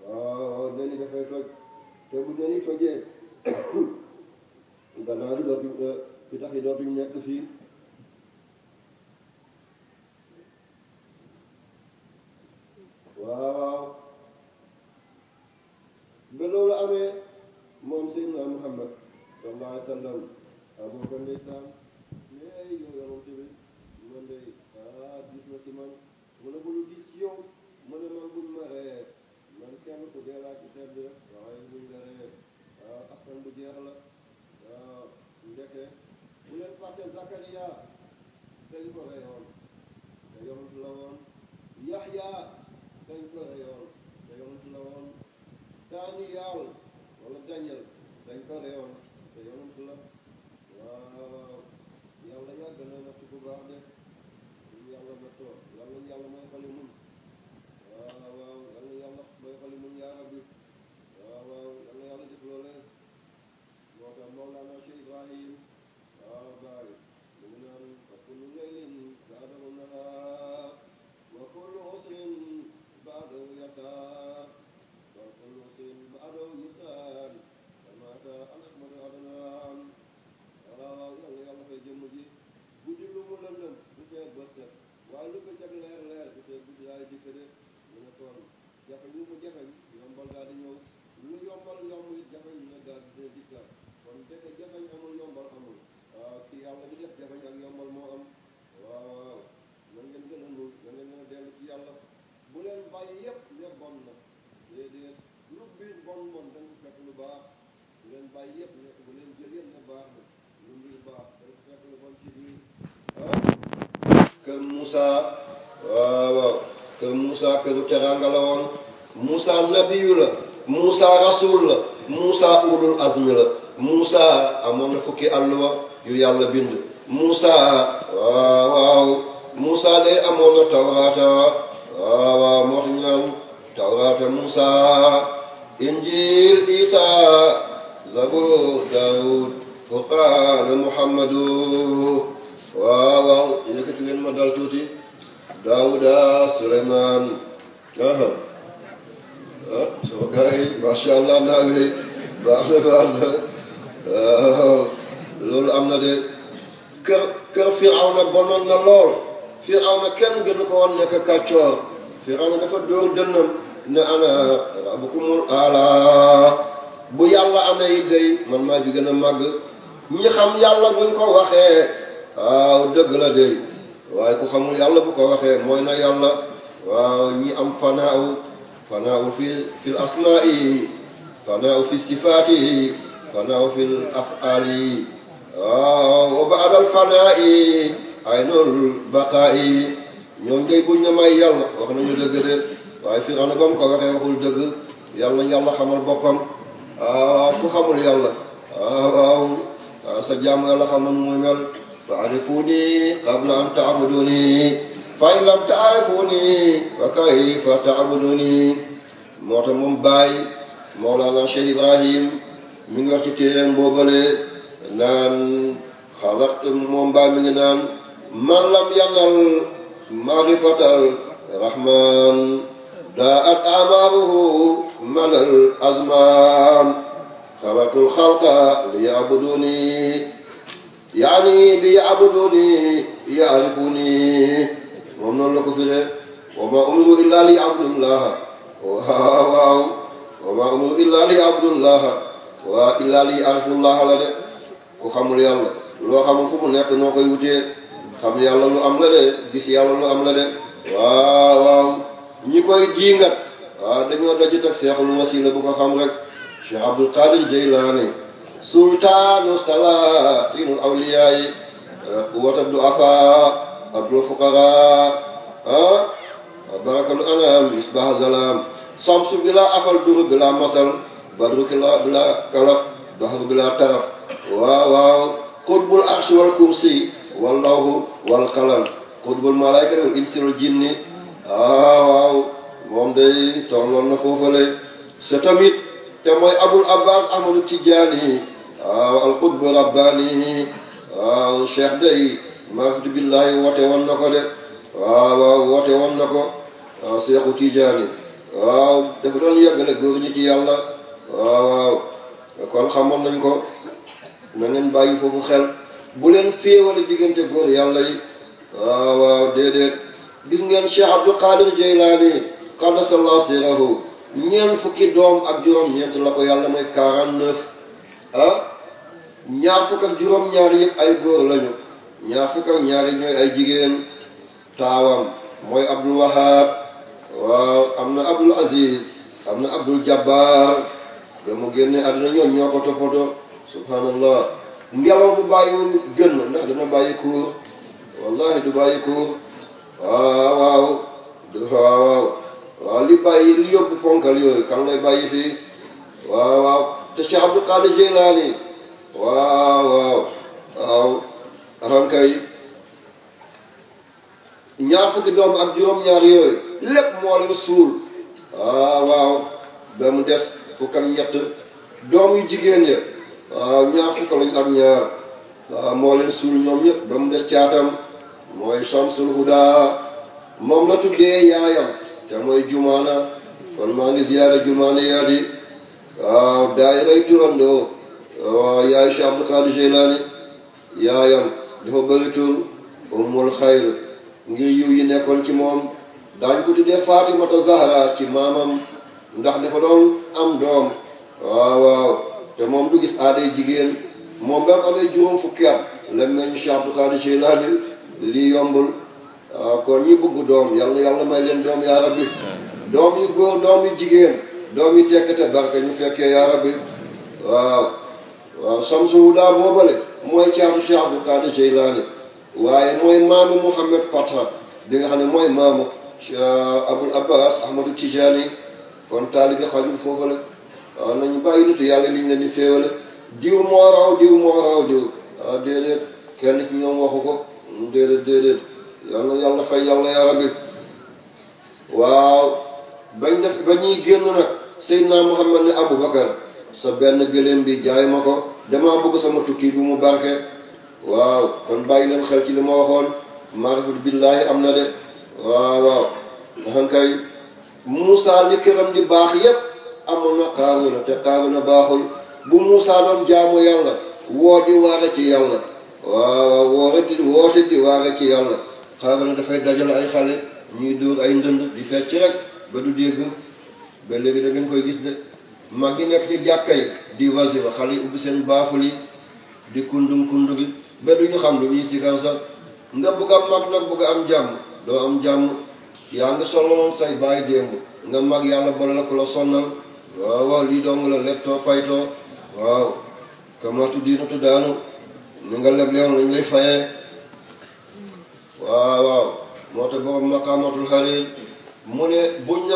[SPEAKER 1] waaw nen yi dafay toj te bu nen yi tojee gannaaw gi dootuñ euh, fi tax yi dootuñ nekk fii waaw ba loolu amee moom Seydina Muhammad sallallahu alayhi wa sallam amoo kon la waaw ndeke bu leen fàtte Zakaria dañ ko reyoon te yonent la woon Yaxya dañ ko reyoon te wala Daniel dañ ko reyoon te yonent la waaw yàlla yàgg na natt baax de yàlla na toog yàlla yàlla may xale muñ jafe ñu ko jafe yombal daal di ñëw lu yombal yomb it jafe ñu la di dikkal kon dëgg jafeñ amul yombal amul ki yàlla bi def jafeñ ak yombal moo am waaw waaw ngeen gën a nuur ngeen gën a ci yàlla bu leen bàyyi yépp ne bon na déedéet lu biir bon bon da nga fekk lu baax bu leen bàyyi yépp ne bu leen jël yépp ne baax na lu baax fekk lu bon ci waaw teranga la woon Moussa nabiyu la Moussa rasul ulul azmi la amoon na fukki àlluwa yu yàlla bind Moussa waaw waaw Moussa amoon na tawraata waaw waaw moo tax ñu naan tawraata Moussa injil Muhammadu waaw waaw yëkkati leen ma dal tuuti Daawuda Suleymaan ah sama gars yi allah naa wey baax na uh, loolu am na de kër kër Firawna bonoon na lool Firawna kenn gënu ko woon nekk kàccoor Firawna dafa dóor dënnam ne ana rabbukumul ala bu yàlla amee it man maa ji gën a ñi xam yàlla buñ ko waxee waaw dëgg la de waaye ku xamul yàlla bu ko waxee mooy na yàlla waaw ñi am fanaaw فناء في في الأسماء فناء في الصفات فناء في الأفعال وبعد الفناء عين البقاء ñoom day buñ ne may yàlla wax nañu dëgg de waaye fi xana ba mu ko waxee waxul dëgg boppam waaw ah, ku xamul yàlla ah, waaw waaw ah, sa jaamu yàlla xamal mu mel fa qabla an taabuduni فإن لم تعرفوني فكيف تعبدوني moo tax moom Baay Mawlana Cheikh Ibrahim mi ngi wax ci téeréem boobale naan xalaqtu moom Baay mi ngi naan man lam yanal marifatal rahman daa at amaaruhu manal azman xalaqul xalqa li yaabuduni yaani bi yaabuduni yaarifuni moom noonu la ko firee wa ma umiru illa li abdullaha waaw waaw wa ma umiru li abdullaha waa illa li arifullaha la de ku xamul yàlla loo xamul fu mu nekk noo koy wutee xam yàlla lu am la de gis yàlla lu am la de waaw waaw ñi koy diingat waaw ah, dañoo dajut ak seexul wasila bu ko xam rek cheikh abdul qadir jeylaani sultaanu salaatinul awliyaa yi ah, watat du afaa أبن الفقراء ها بركة الأنام مصباح الظلام شمس بلا أفل دور بلا مثل بدر بلا كلف بحر بلا طرف واو واو قطب العرش والكرسي والله والقلم قطب الملائكة والإنس والجن waaw waaw moom day tolloon na foofale sa tamit te mooy abul abbas ahmadu tijaani waaw al qutbu rabbaani waaw cheikh day maftu billahi woote woon na ko de waaw waaw woote woon na ko waaw seexu tijaani waaw dafa doon yàggale góor ñi ci yàlla waaw waaw kon xamoon nañ ko na ngeen bàyyi foofu xel bu leen féewale diggante góor yàlla yi waaw waaw déedéet gis ngeen Cheikh Abdul Qadir Jeylaani qaddasallahu sirahu ñeent fukki doom ak juróom-ñeent la ko yàlla mooy quarante-neuf ah, ñaar fukk ak juróom-ñaar yëpp ay góor lañu ñaar fukk ak ñaari ñooy ay jigéen taawam mooy Abdul Wahab waaw am Abdul Aziz am Abdul Jabbar ba mu génne àdduna ñoom ñoo ko toppatoo subhanallah ngelaw bu bàyyiwul gën ndax dana bàyyi kuur wallahi du bàyyi kuur waaw waaw du waaw li bàyyi li yóbbu ponkal yooyu kan lay bàyyi fii waaw waaw te Cheikh Abdul Qadir Jilani waaw waaw waaw amaan kay ñaar fukki doom ak juróom-ñaar yooyu lépp moo leen suul waaw ah, waaw ba mu des fukk ñett doom yu jigéen ya waaw ah, ñaar fukk lañu ak ñaar waaw ah, moo leen suul ñoom ñëpp ba mu des caatam mooy Shamsul Huda moom la tuddee yaayam te mooy jumaana kon maa ngi ziyaara jumaana yaayam dafa bëri tur ummul xayr ngir yiw yi nekkoon ci moom daañ ko tuddee Fatimata Zahra ci maamam ndax dafa doon am doom waaw waaw te moom du gis aaday jigéen moom ba amee juróom fukki at la meññ Cheikh Abdou Khadir Jeylaani lii yombul kon ñi bëgg doom yàlla yàlla may leen doom yaa rabbi doom yu góor doom jigéen doom yu tekkate barke ñu fekkee yaa rabbi waaw waaw samsu daa boobale mooy caatu Cheikh Abdou Qadir Jeylaani waaye mooy maamu Mouhamed Fatah bi nga xam ne mooy maamu euh, Abul Abbas Ahmadou Tijaani kon taalibi xajul foofu la waaw nañu bàyyi nitu yàlla liñ leen di féewale diw moo raw diw moo raw diw waaw déedéet kenn ci ñoom waxu ko déedéet déedéet yàlla yàlla fay yàlla ya rabbi waaw bañ def ba génn nag Seydina Muhammad ne Aboubacar sa benn gëléem bi jaay ma ko damaa bëgg sama tukki bi mu barke waaw kon bàyyi leen xel ci li ma waxoon maarifat billaahi am na de waaw waaw axan kay baax yépp amoon na baaxul bu Muusaa doon jaamu yàlla woo di waare ci yàlla waaw woore di woote di waare ci yàlla Qaaruna dafay dajal ay xale ñuy dóor ay ndënd di fecc rek ba du dégg ba léegi da ngeen koy gis de mag yi nekk ci jàkka yi di wasifa xale yi ubbi seen baaful yi di kundung kundung yi ba du ñu xam lu ñuy sikam sax nga bugg am mag nag bugg am jàmm doo am jàmm yaa ngi soloon say bàyyi démb nga mag yàlla boole la ku la sonnal waaw waaw lii dong la lebtoo faytoo waaw kamatu diinatu daanu ni nga leblewoon lañ lay fayee waaw waaw moo tax borom maqaamatul xarir buñ ne bon na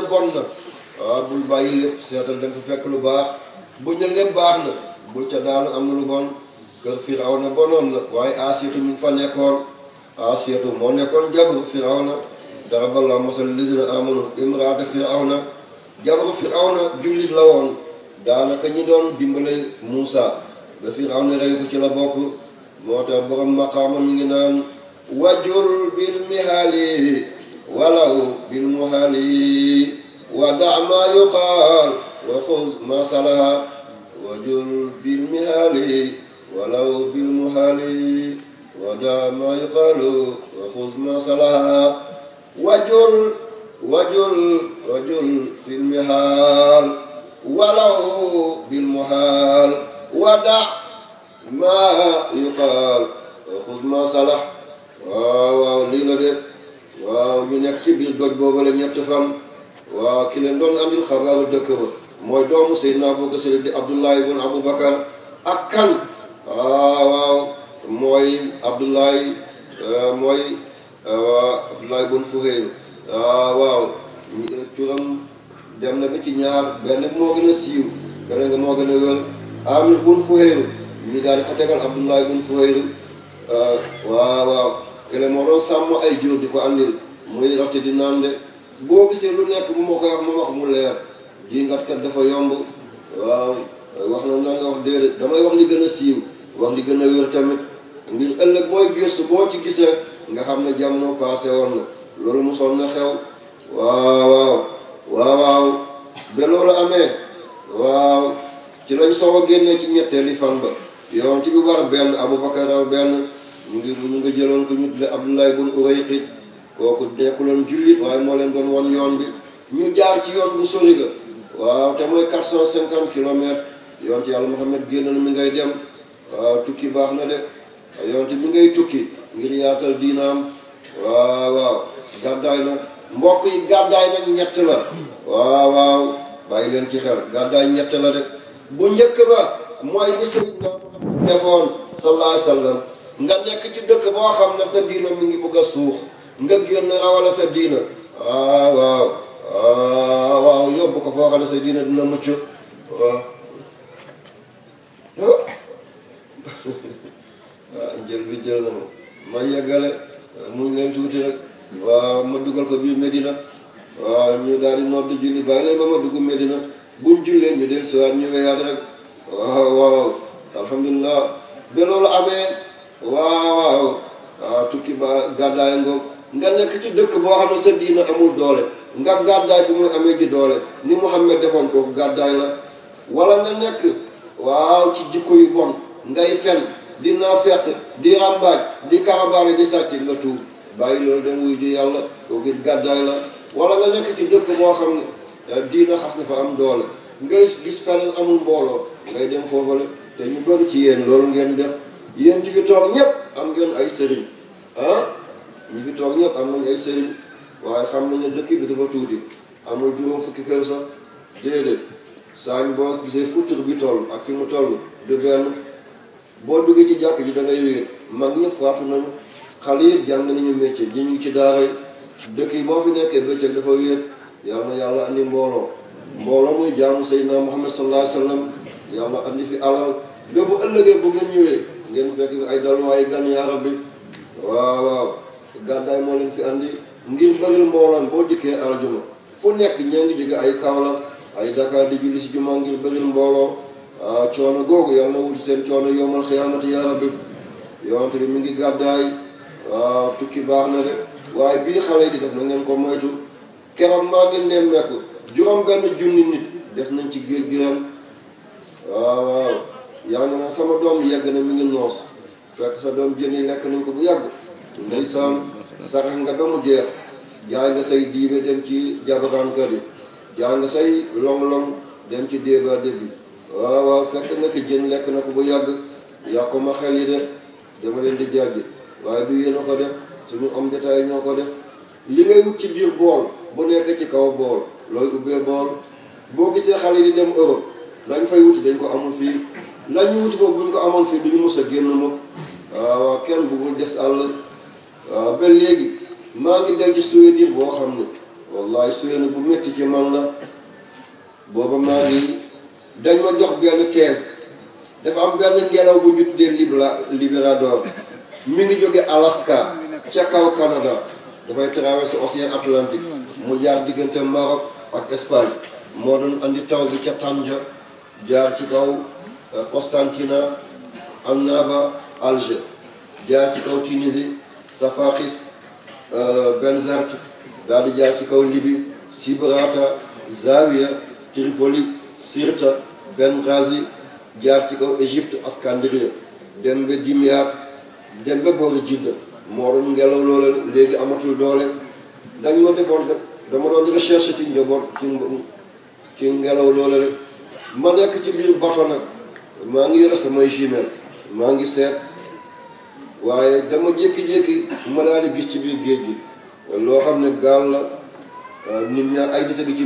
[SPEAKER 1] waaw bul bàyyi lépp seetal da fekk lu baax buñ ne lépp baax na bul ca daanu am na lu bon kër Firawna bonoon na waaye Aasiyatu ñu fa nekkoon Aasiyatu moo nekkoon jabaru Firawna daraballaahu masalan lazina aamanu imraata Firawna jabaru Firawna jullit la woon daanaka ñi doon dimbale Muusa ba Firawna rey ko ci la bokk moo tax borom maqaama mi ngi naan wajur bil mihaali walaw bil muhaali ودع ما يقال وخذ ما صلى وجل بالمهال ولو بالمهال ودع ما يقال وخذ ما صلى وجل وجل وجل في المهال ولو بالمهال ودع ما يقال وخذ ما صلح واو واو lii la de waaw ñu nekk ci biir waaw ki leen doon andil xarala dëkk ba mooy doomu Seydina Abubakar Sadiq di Abdullahi ibn Abubakar ak kan waaw ah, waaw mooy Abdullahi eh, mooy eh, waaw ci ñaar Abdullahi ibn Fuhayl waaw waaw kële moo doon sàmm ay jur di ko andil muy rotti di naan de boo gisee lu nekk bu ma koy wax ma wax mu leer dingat kat dafa yomb waaw wax na nan nga wax déedéet damay wax li gën a siiw wax li gën a wér tamit ngir ëllëg booy gëstu boo ci gisee nga xam ne jamono passé woon na loolu mosoon na xew waaw waaw waaw waaw ci lañ soog a génnee ci ñetteeli fan ba ci bi war benn Abubakar raw benn mu ngi mu ñu nga jëloon ko ñu tudde Abdullah bun Urayqit kooku nekkuloon jullit waaye moo leen doon won yoon bi ñu jaar ci yoon bu sori la waaw te mooy quatre cent cinquante kilomètres yonte yàlla Muhammad génn na mu ngay dem waaw tukki baax na de yonte mi ngay tukki ngir yaatal diinaam waaw waaw gàddaay na mbokk yi gàddaay nag ñett la waaw waaw bàyyi leen ci xel gàddaay ñett la de bu njëkk ba mooy li sëriñ na defoon sallallahu alayhi wa nga nekk ci dëkk boo xam ne sa diina mi ngi bëgg a suux nga génn rawale sa diina ah, waaw ah, waaw waaw ko foo xam ne sa diina dina mucc waaw ah. jël bi jël na ma ma yeggale mu leen tuuti rek waaw ma dugal ko biir Medina waaw ñu daal di nodd julli bàyyi leen ba ma dugg Medina buñ jullee ñu del siwaat ñu weyaat rek waaw waaw alhamdulilah ba loolu amee waaw waaw tukki ba gàddaay ngoog nga nekk ci dëkk boo xam ne sa diina amul doole nga gàddaay fu muy amee di doole ni Muhammad defoon ko gàddaay la wala nga nekk waaw ci jikko yu bon ngay fen di naafeq di ràmbaaj di karabaare di sàcc nga tuub bàyyi loolu dem wuy ji yàlla kooku gàddaay la wala nga nekk ci dëkk boo xam ne eh, diina xas fa am doole ngay gis feneen amul mbooloo ngay dem foofale te ñu bëri ci yéen loolu ngeen def yéen ji fi toog ñépp am ngeen ay sëriñ ah ñi fi toog ñëpp am nañ ay sëriñ waaye xam nañ ne dëkk bi dafa tuuti amul juróom fukki kër sax déedéet saañ boo gisee futur bi toll ak fi mu toll du benn boo duggee ci jàkk ji da ngay wéet mag ñëpp faatu nañu xale yi jàng nañu métier ñu ngi ci daara yi dëkk yi boo fi nekkee bëccëg dafa wéet yàlla na yàlla andi mbooloo mbooloo muy jaamu Seydina Muhammad sallallahu alayhi wa sallam yàlla andi fi alal yóbbu ëllëgee bu ngeen ñëwee ngeen fekk ay dalwaay gan yaa rabbi waaw waaw gàddaay moo leen fi andi ngir bëggal mbooloo boo dikkee aljuma fu nekk ñoo ngi jóge ay Kaolack ay Dakar di julli si juma ngir bëggal mbooloo waaw ah, coono googu yàlla na wuti seen coono yowmal xiyaamati yaa rabbi yonante bi mu ngi gàddaay waaw ah, tukki baax na de waaye di def na ngeen ko moytu keroog maa ngi nemmeeku juróom benn junni nit def nañ ci géej gi ren waaw ah, waaw yaa ngi naan sama doom yegg na mi ngi noos fekk sa doom jën yi lekk nañ ko bu yàgg ndeysaan sarax nga ba mu jeex jaay nga say diine dem ci jabarànkat yi jaay nga say long-long dem ci déeba débi waaw waaw fekk nga ki jën lekk na ko bu yàgg yàqu ma xel yi de dama leen di jàjj waaye du yéen a ko def suñu am détail ñoo ko def li ngay ci biir bool bu nekk ci kaw bool looy ubbee bool boo gisee xale di dem Europe lañ fay wuti dañ ko amul fii lañu wuti ko buñ ko amoon fii duñu mos a génn mukk waaw kenn bëggul des àll waaw ba léegi maa ngi dem ci souvenir boo xam ne wallaay souvenir bu métti ci man la booba maa dañ ma jox benn thèse dafa am benn ngelaw bu ñu tuddee libra libérador mi ngi jóge Alaska ca kaw Canada dafay traversé océan Atlantique mu jaar diggante Maroc ak Espagne moo doon andi taw bi ca Tanja jaar ci kaw euh, Constantina Annaba Alger jaar ci kaw Tunisie Safakis euh, Belzerte daal di jaar ci kaw Libi Sibrata Zawiya Tripoli Sirta Benghazi jaar ci kaw Égypte Askandria dem ba Dimyaat dem ba boori Jidda moo doon ngelaw loola léegi amatul doole dañ ma defoon de dama doon recherche ci njaboot ci ci ngelaw loola ma nekk ci biir bato nag maa ngi yore samay jumelle maa ngi seet waaye dama jékki-jékki ma daal di gis ci biir géej gi loo xam ne gaal la nit
[SPEAKER 2] ñaa ay nit a ngi ci